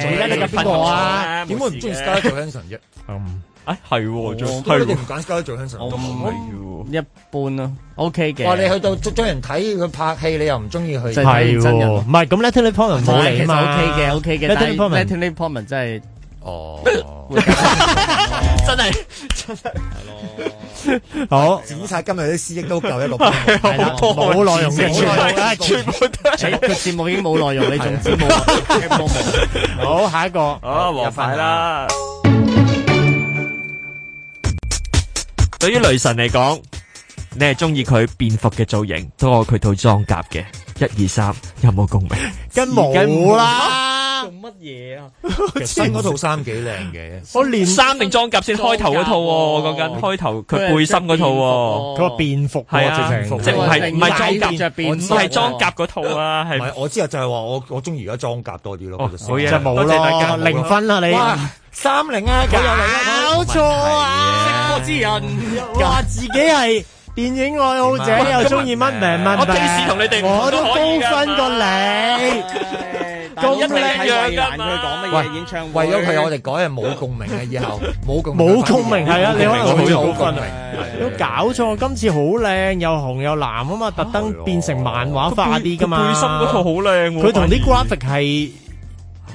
而家你揀邊個啊？點解唔中意 Scarlett Johansson 啫？嗯，啊係，係你唔揀 Scarlett Johansson 都唔係一般啦。OK 嘅。話你去到捉咗人睇佢拍戲，你又唔中意佢，係唔係？咁 Latin Partner 冇嚟嘛？OK 嘅，OK 嘅。Latin Partner 真係。哦，真係真係，係咯，好，剪晒今日啲私益都夠你錄，冇內容嘅全部，全部個節目已經冇內容，你仲知冇？好，下一個，好，入牌啦。對於雷神嚟講，你係中意佢變服嘅造型，多佢套裝甲嘅，一二三，有冇共鳴？梗冇啦。做乜嘢啊？其實新嗰套衫幾靚嘅。我連三定裝甲先開頭嗰套，我講緊開頭佢背心嗰套。佢話變服，係啊，即係唔係唔係裝甲着變，唔係裝甲嗰套啊。係我之後，就係話我我中意而家裝甲多啲咯。冇嘢啦，冇啦。零分啦你，三零啊，搞錯啊！我知人話自己係電影愛好者，又中意乜名乜我即使同你哋我都高分過你。咁靚嘅，難佢講乜嘢演唱。為咗佢，我哋講嘢冇共鳴嘅，以後冇共冇共鳴係啊！你可能冇共鳴。都搞錯，今次好靚又紅又藍啊嘛！特登變成漫畫化啲㗎嘛。背心嗰套好靚喎。佢同啲 graphic 係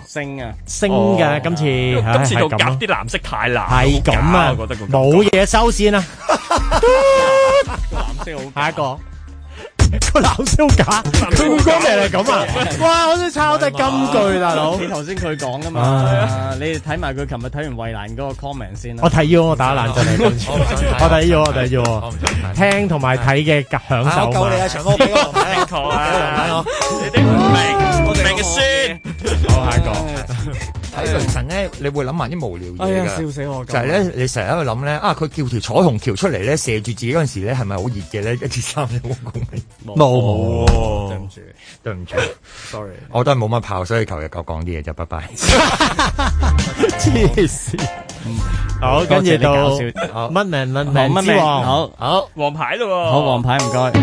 升啊升嘅，今次今次做減啲藍色太藍，係咁啊！覺得個減冇嘢收線啦。藍色好。下一個。佢鬧燒架，佢個 comment 係咁啊！哇！我先抄得咁金句大佬，你頭先佢講噶嘛？你哋睇埋佢琴日睇完衞蘭嗰個 comment 先啦。我睇咗我打爛曬你本書，我睇咗我睇咗。聽同埋睇嘅享受。我救你啊，長哥！你哋唔明，我哋明嘅書。好，下一個。睇雷，哎、神咧，你會諗埋啲無聊嘢噶。哎、笑死我就係咧，你成日喺度諗咧，啊佢叫條彩虹橋出嚟咧，射住自己嗰陣時咧，係咪好熱嘅咧？一至三脫衫冇冇冇，對唔住，對唔住，sorry，我都係冇乜炮，所以求其講講啲嘢就拜拜。黐線。 好，跟住到乜名乜名乜王，好好，好王牌咯。哦，好，王牌，唔該。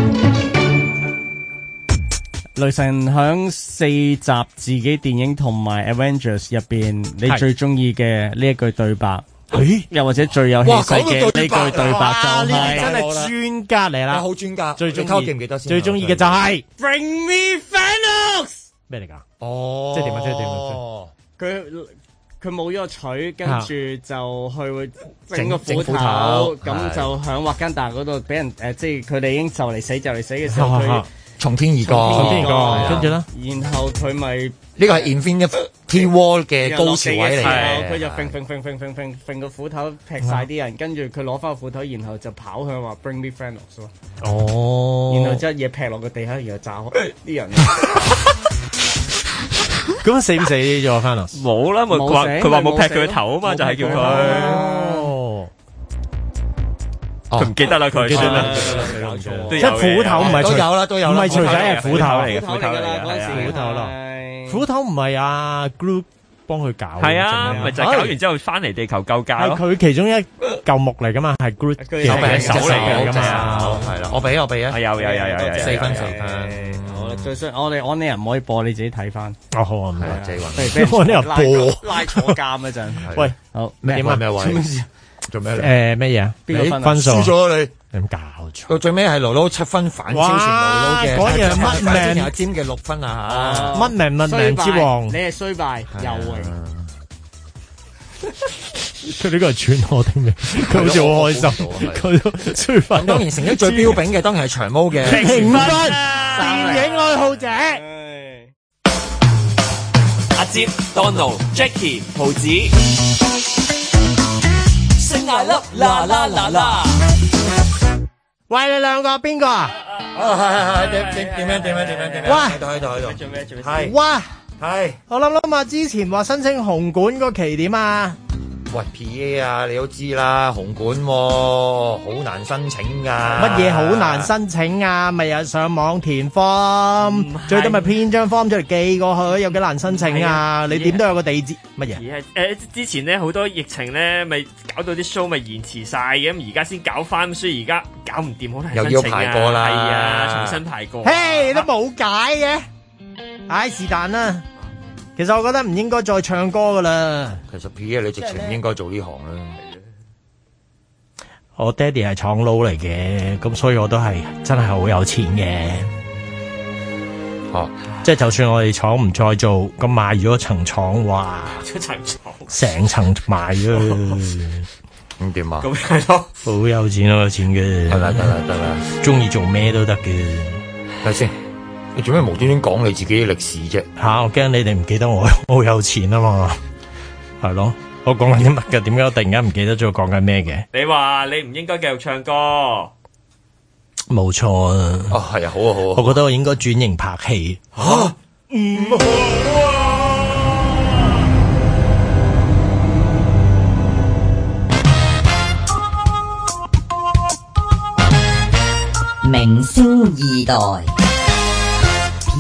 雷神響四集自己電影同埋 Avengers 入邊，你最中意嘅呢一句對白，又或者最有氣勢嘅呢句對白就係真係專家嚟啦，好專家。最中意嘅就係 Bring me Thanos 咩嚟噶？哦，即係點？即係點？佢佢冇咗個錘，跟住就去整個斧頭，咁就響瓦根達嗰度俾人誒，即係佢哋已經就嚟死就嚟死嘅時候佢從天而降，跟住咧，然後佢咪呢個係 Infinity War 嘅高潮位嚟嘅，佢就掕掕掕掕掕掕個斧頭劈晒啲人，跟住佢攞翻個斧頭，然後就跑去話 bring me Thanos，哦，然後將嘢劈落個地下，然後炸開啲人，咁死唔死咗 Thanos？冇啦，佢話佢話冇劈佢個頭啊嘛，就係叫佢。佢唔記得啦，佢算啦，即係斧頭唔係，都有啦，都有啦，唔係錘仔，係斧頭嚟嘅，斧頭啦，斧頭唔係啊，Groot 幫佢搞，係啊，咪就係搞完之後翻嚟地球救駕咯，係佢其中一嚿木嚟噶嘛，係 Groot 嘅手嚟嘅嘛，係啦，我俾我俾啊，有有有有有四分手，好啦，最衰我哋 online 唔可以播，你自己睇翻。哦好啊，唔係自己搵，俾 online 播，拉坐監嗰陣，喂，好咩咩咩喂？做咩？誒，咩嘢？邊個分數？輸咗你，你搞錯。到最尾係盧盧七分反超前盧盧嘅，乜阿尖嘅六分啊！乜名乜名之王？你係衰敗又嚟。佢呢個係串我啲名，佢好似好開心佢都，敗。當然成績最標炳嘅當然係長毛嘅零分，電影愛好者。阿尖、Donald、Jackie、桃子。啦啦啦啦！喂，你兩個邊個啊？係係係點點點樣點樣點樣點樣？喂，喺度喺度喺度做咩做咩？係哇，係我諗諗啊，之前話申請紅館個期點啊？喂，P A 啊，PA, 你都知啦，紅館好、哦、難申請噶、啊。乜嘢好難申請啊？咪有上網填 form，是最多咪編張 form 出嚟寄過去，有幾難申請啊？啊你點都有個地址乜嘢？誒、啊麼啊，之前咧好多疫情咧，咪搞到啲 show 咪延遲晒嘅，咁而家先搞翻，所以而家搞唔掂好難、啊、又要排過啦，係啊，重新排過。嘿、hey，都冇解嘅，唉、啊，是但啦。其實我覺得唔應該再唱歌噶啦。其實 Pia 你直情唔應該做呢行啦。我爹哋係廠佬嚟嘅，咁所以我都係真係好有錢嘅。啊、即係就算我哋廠唔再做，咁 賣咗一層廠哇，層成層賣咗。咁點啊？咁係咯，好有錢咯，有錢嘅。得啦得啦得啦，中意做咩都得嘅，睇先。做咩無端端講你自己嘅歷史啫？吓、啊，我驚你哋唔記得我我好有錢啊嘛，係 咯。我講緊啲乜嘅？點解我突然間唔記得咗我講緊咩嘅？你話你唔應該繼續唱歌，冇錯啊。哦，係啊，好啊，好啊。好，我覺得我應該轉型拍戲。啊，唔 好啊！明星二代。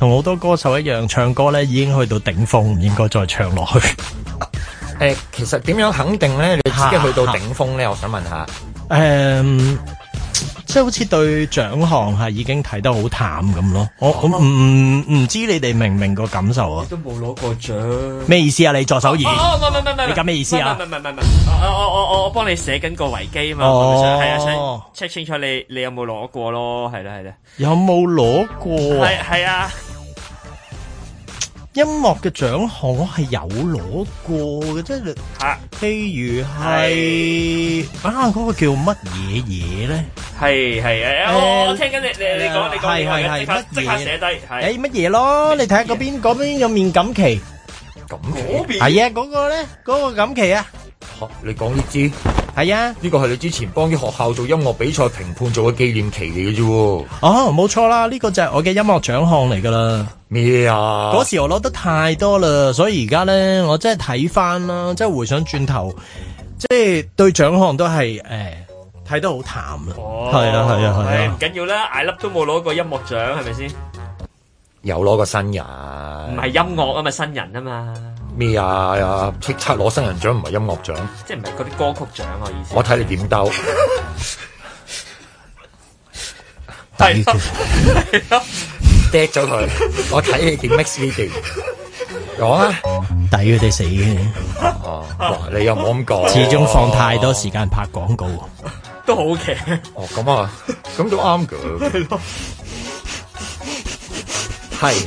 同好多歌手一樣，唱歌咧已經去到頂峰，唔應該再唱落去。誒，其實點樣肯定咧？你自己去到頂峰呢？我想問下。誒、um。即係好似對獎項係已經睇得好淡咁咯，我我唔唔知你哋明唔明個感受啊？都冇攞過獎，咩意思啊？你助手二，你咁咩意思啊？唔唔唔唔唔，我我我我幫你寫緊個維基啊嘛，係啊，check 清楚你你有冇攞過咯？係啦係啦，有冇攞過啊？係係啊。音樂嘅獎項我係有攞過嘅，即係譬如係啊嗰個叫乜嘢嘢咧？係係誒，我我聽緊你你你講你講完嘅，即刻即刻寫低，誒乜嘢咯？你睇下嗰邊嗰邊有面錦旗，錦旗，嗰邊係啊嗰個咧，嗰個錦旗啊，好，你講呢支。係啊，呢個係你之前幫啲學校做音樂比賽評判做嘅紀念旗嚟嘅啫。哦，冇錯啦，呢個就係我嘅音樂獎項嚟噶啦。咩啊？嗰時我攞得太多啦，所以而家咧，我真係睇翻啦，即係回想轉頭，即係對獎項都係誒睇得好淡啊。哦，係啊，係啊，係啊，唔緊要啦，艾粒都冇攞過音樂獎，係咪先？有攞過新人，唔係音樂啊嘛，新人啊嘛。咩啊？叱咤攞新人獎唔係音樂獎，即係唔係嗰啲歌曲獎啊？意思我睇你點鬥，係，跌咗佢，我睇你點 make me 跌，講啊，抵佢哋死嘅，你又冇咁講，始終放太多時間拍廣告，都好嘅。哦，咁啊，咁都啱㗎，係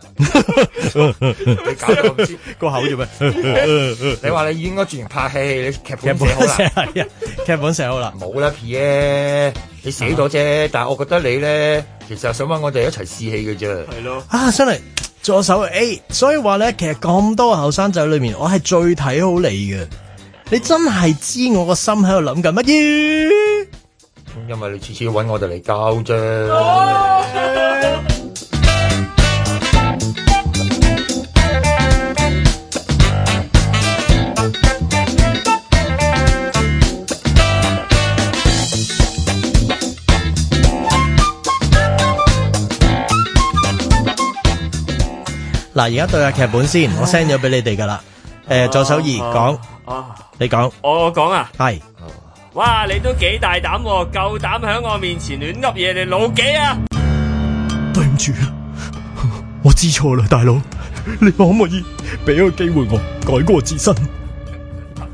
你搞咁多，個口做咩？ 你話 你應該轉拍戲，你劇本寫好啦。劇本寫好啦，冇啦皮啫，你寫咗啫。但係我覺得你咧，其實想揾我哋一齊試戲嘅啫。係咯。啊，真係助手誒、哎，所以話咧，其實咁多後生仔裏面，我係最睇好你嘅。你真係知我個心喺度諗緊乜嘢？ 因為你次次揾我哋嚟交啫。 哎嗱，而家對下劇本先，我 send 咗俾你哋噶啦。誒，助手二講，你講，我講啊。係，哇，你都幾大膽，夠膽喺我面前亂噏嘢嚟老幾啊？對唔住，我知錯啦，大佬，你可唔可以俾個機會我改過自新？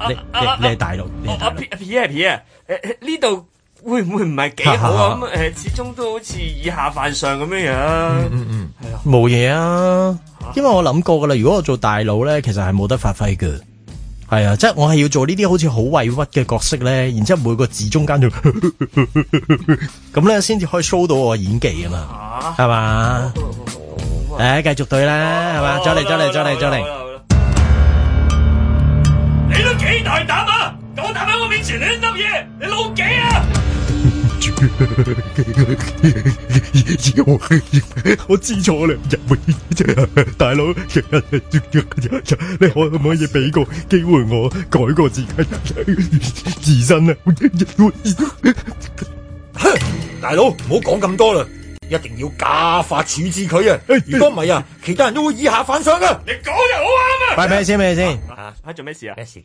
你你你，大佬，皮啊皮啊，誒誒，呢度。會唔會唔係幾好啊咁？誒，始終都好似以下犯上咁樣樣。嗯嗯，係啊，冇嘢啊，因為我諗過噶啦。如果我做大佬咧，其實係冇得發揮嘅。係啊，即係我係要做呢啲好似好委屈嘅角色咧，然之後每個字中間就咁咧，先至可以 show 到我演技啊嘛，係嘛？誒，繼續對啦，係嘛？走嚟，走嚟，走嚟，走嚟。你都幾大膽啊？敢打喺我面前呢粒嘢？你老幾啊？ 我知錯錯啦， 大佬，你可唔可以俾個機會我改過自己自身呢？ 大佬唔好講咁多啦，一定要加法處置佢啊！如果唔係啊，其他人都會以下犯上噶。你講就好啱啊！睇咩先？咩先？睇做咩事啊？咩事？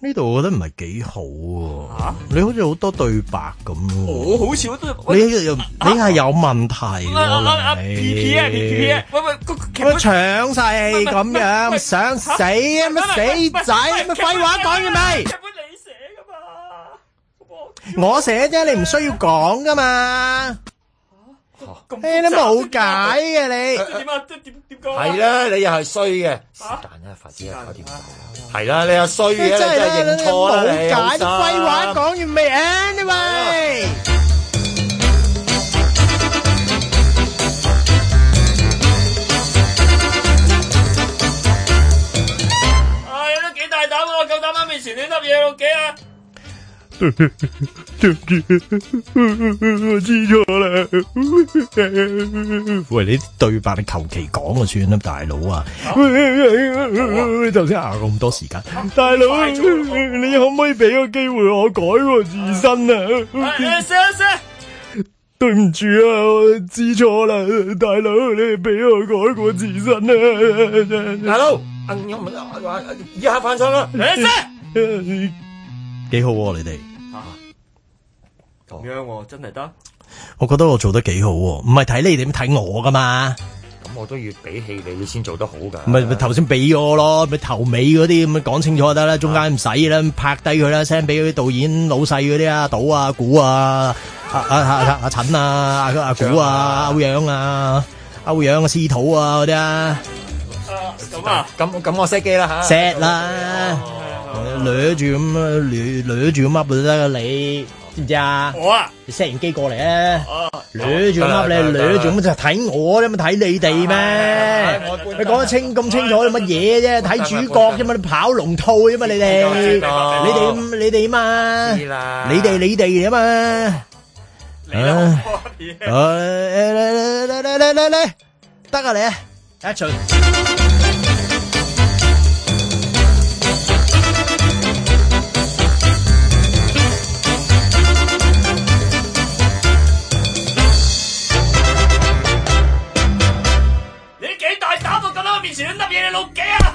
呢度我覺得唔係幾好喎、啊，啊、你好似好多對白咁喎、哦，我好似我都你又你係有問題，P P 啊 P P 啊，喂喂哈，搶晒氣咁樣，呃、想死啊，咩、啊、死仔，乜廢話講完未？一般、啊啊啊啊、你寫噶嘛，我我寫啫，你唔需要講噶嘛。咁你都冇解嘅你，即係點啊？即係點點講？係啦，你又係衰嘅，但係發展又搞掂？係啦，你又衰嘅，真係認錯你。冇解，廢話講完未？Anyway，啊，你都幾大膽喎？夠膽喺面前亂執嘢攞嘅？對唔住，我知錯啦。喂，你對白你求其講就算啦，大佬啊。頭先拗咁多時間，大佬你可唔可以俾個機會我改過自身啊？係，謝一謝。對唔住啊，我知錯啦，大佬你俾我改過自身啊。大佬，一刻犯錯啦，謝。幾好，你哋。咁樣真係得？我覺得我做得幾好喎，唔係睇你點睇我噶嘛。咁我都要比起你先做得好噶。唔係唔係頭先比我咯，咪頭尾嗰啲咁講清楚就得啦，中間唔使啦，拍低佢啦，send 俾啲導演老細嗰啲啊，賭啊，股啊，阿阿阿陳啊，阿古啊，歐陽啊，歐陽司徒啊嗰啲啊。咁啊？咁咁我 set 機啦吓。set 啦，掠住咁掠捋住咁 up 得啦你。知唔知啊？我啊，你攝影機過嚟啊！捋住咁笠你，捋住咁就睇我，有冇睇你哋咩？你講得清咁清楚，乜嘢啫？睇主角啫嘛，你跑龍套啫嘛，你哋，你哋，你哋嘛，你哋，你哋啊嘛。嚟啦！嚟嚟嚟嚟嚟嚟嚟，得啊你，Action！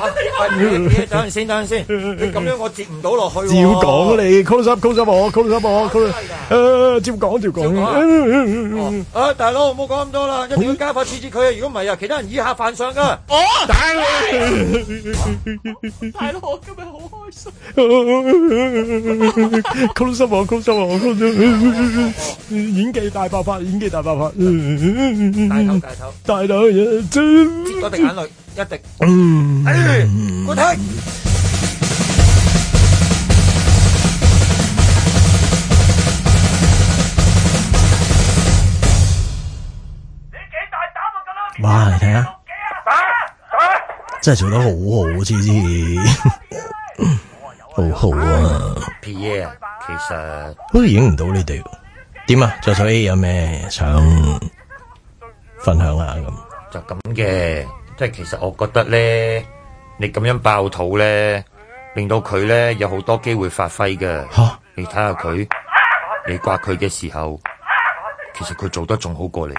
等陣先，等陣先，你咁樣我接唔到落去。照講你，close up，close up 我，close up 我，close。誒，照講就講。哦，誒，大佬，唔好講咁多啦，一定要加快刺激佢啊！如果唔係啊，其他人以下犯上噶。我，大佬，我今日好開心。close up 我，close up 我，close up 我。演技大爆發，演技大爆發。大頭，大頭，大頭，接咗滴眼淚。一定。哎，我睇。你幾大膽啊咁樣？哇，你睇下，真係做得好好，次次，好好啊。P.E. 其實都影唔到你哋。點啊？再水 A 有咩想分享下？咁就咁嘅。即係其實我覺得咧，你咁樣爆肚咧，令到佢咧有好多機會發揮㗎。你睇下佢，你刮佢嘅時候，其實佢做得仲好過你。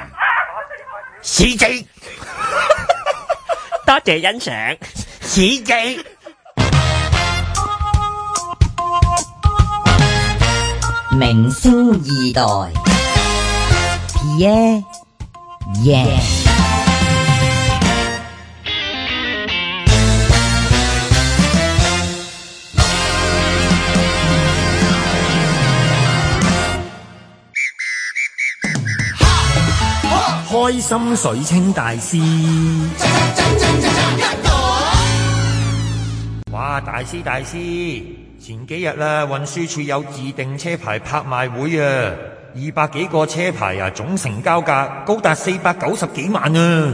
史記，多謝欣賞。史記，明星二代，耶耶。開心水清大師，哇！大師大師，前幾日啦、啊，運輸處有自定車牌拍賣會啊，二百幾個車牌啊，總成交價高達四百九十幾萬啊！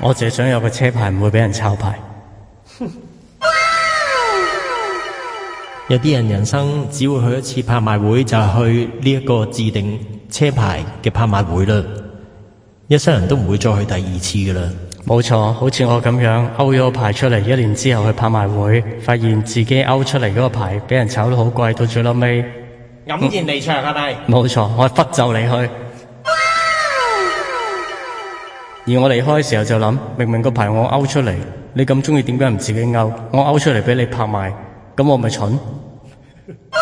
我淨係想有個車牌唔會俾人抄牌。有啲人人生只會去一次拍賣會，就係、是、去呢一個自定車牌嘅拍賣會啦。一生人都唔會再去第二次噶啦。冇錯，好似我咁樣勾咗個牌出嚟，一年之後去拍賣會，發現自己勾出嚟嗰個牌俾人炒得好貴，到最後尾黯然離場係咪？冇、嗯、錯，我係忽就離去。而我離開嘅時候就諗：明明個牌我勾出嚟，你咁中意，點解唔自己勾？我勾出嚟俾你拍賣。咁我咪蠢？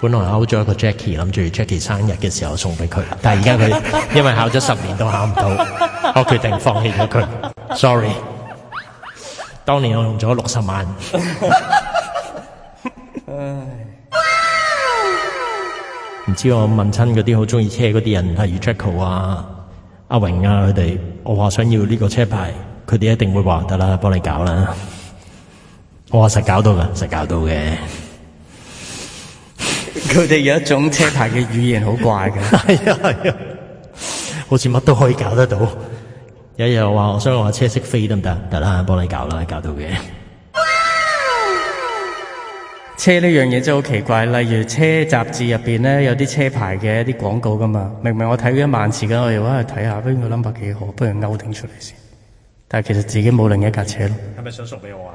本來勾咗一個 Jackie，諗住 Jackie 生日嘅時候送俾佢，但係而家佢因為考咗十年都考唔到， 我決定放棄咗佢。Sorry，當年我用咗六十萬。唔知我問親嗰啲好中意車嗰啲人，例如 Jacko 啊、阿榮啊佢哋？我話想要呢個車牌，佢哋一定會話得啦，幫你搞啦。我話實搞到噶，實搞到嘅。佢 哋 有一種車牌嘅語言好怪嘅，係啊係啊，好似乜都可以搞得到。有日我話我想我車識飛得唔得？得啦，幫你搞啦，搞到嘅。 車呢樣嘢真係好奇怪，例如車雜誌入邊咧有啲車牌嘅一啲廣告噶嘛。明明我睇咗一萬次㗎，我而家、啊、去睇下，因為諗法幾好，不如勾定出嚟先。但係其實自己冇另一架車咯。係咪想送俾我啊？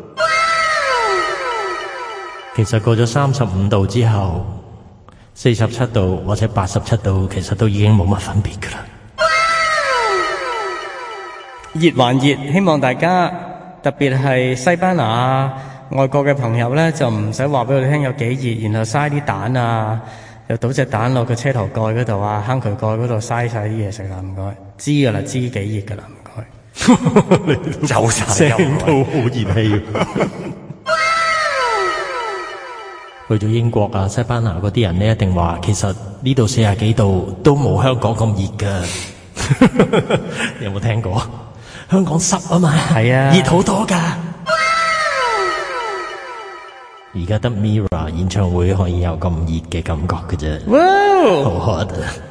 其實過咗三十五度之後，四十七度或者八十七度，其實都已經冇乜分別噶啦。熱還熱，希望大家，特別係西班牙啊外國嘅朋友咧，就唔使話俾佢哋聽有幾熱，然後嘥啲蛋啊，又倒隻蛋落個車頭蓋嗰度啊，坑渠蓋嗰度嘥晒啲嘢食啦，唔該。知噶啦，知幾熱噶啦，唔該。你走晒又都好熱氣。去咗英國啊、西班牙嗰啲人呢，一定話其實呢度四十幾度都冇香港咁熱㗎，有冇聽過？香港濕啊嘛，係啊，熱好多㗎。而家得 MIRROR 演唱會可以有咁熱嘅感覺㗎啫，好渴啊！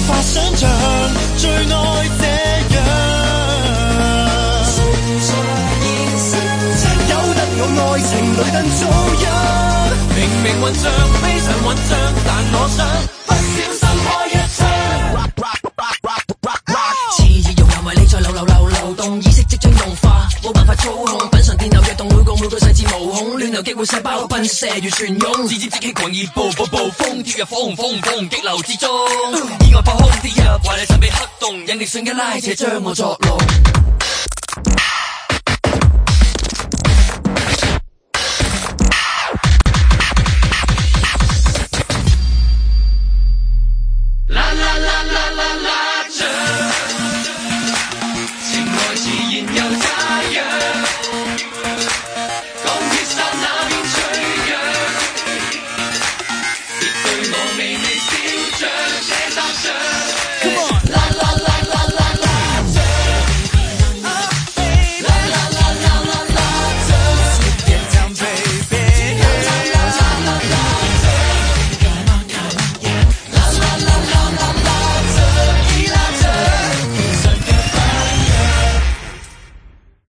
無想象最愛這樣。有得我愛情裏更遭殃。明明幻象非常混帳，但我想不小心開一槍。熾熱熔岩為你在流流流流動，意識即將融化，冇辦法操。有機會細胞噴射如旋湧，指尖之氣狂熱暴暴暴風，跳入火紅火紅火紅激流之中，意 外破空跌入華麗神秘黑洞，引力瞬間拉扯將我作弄。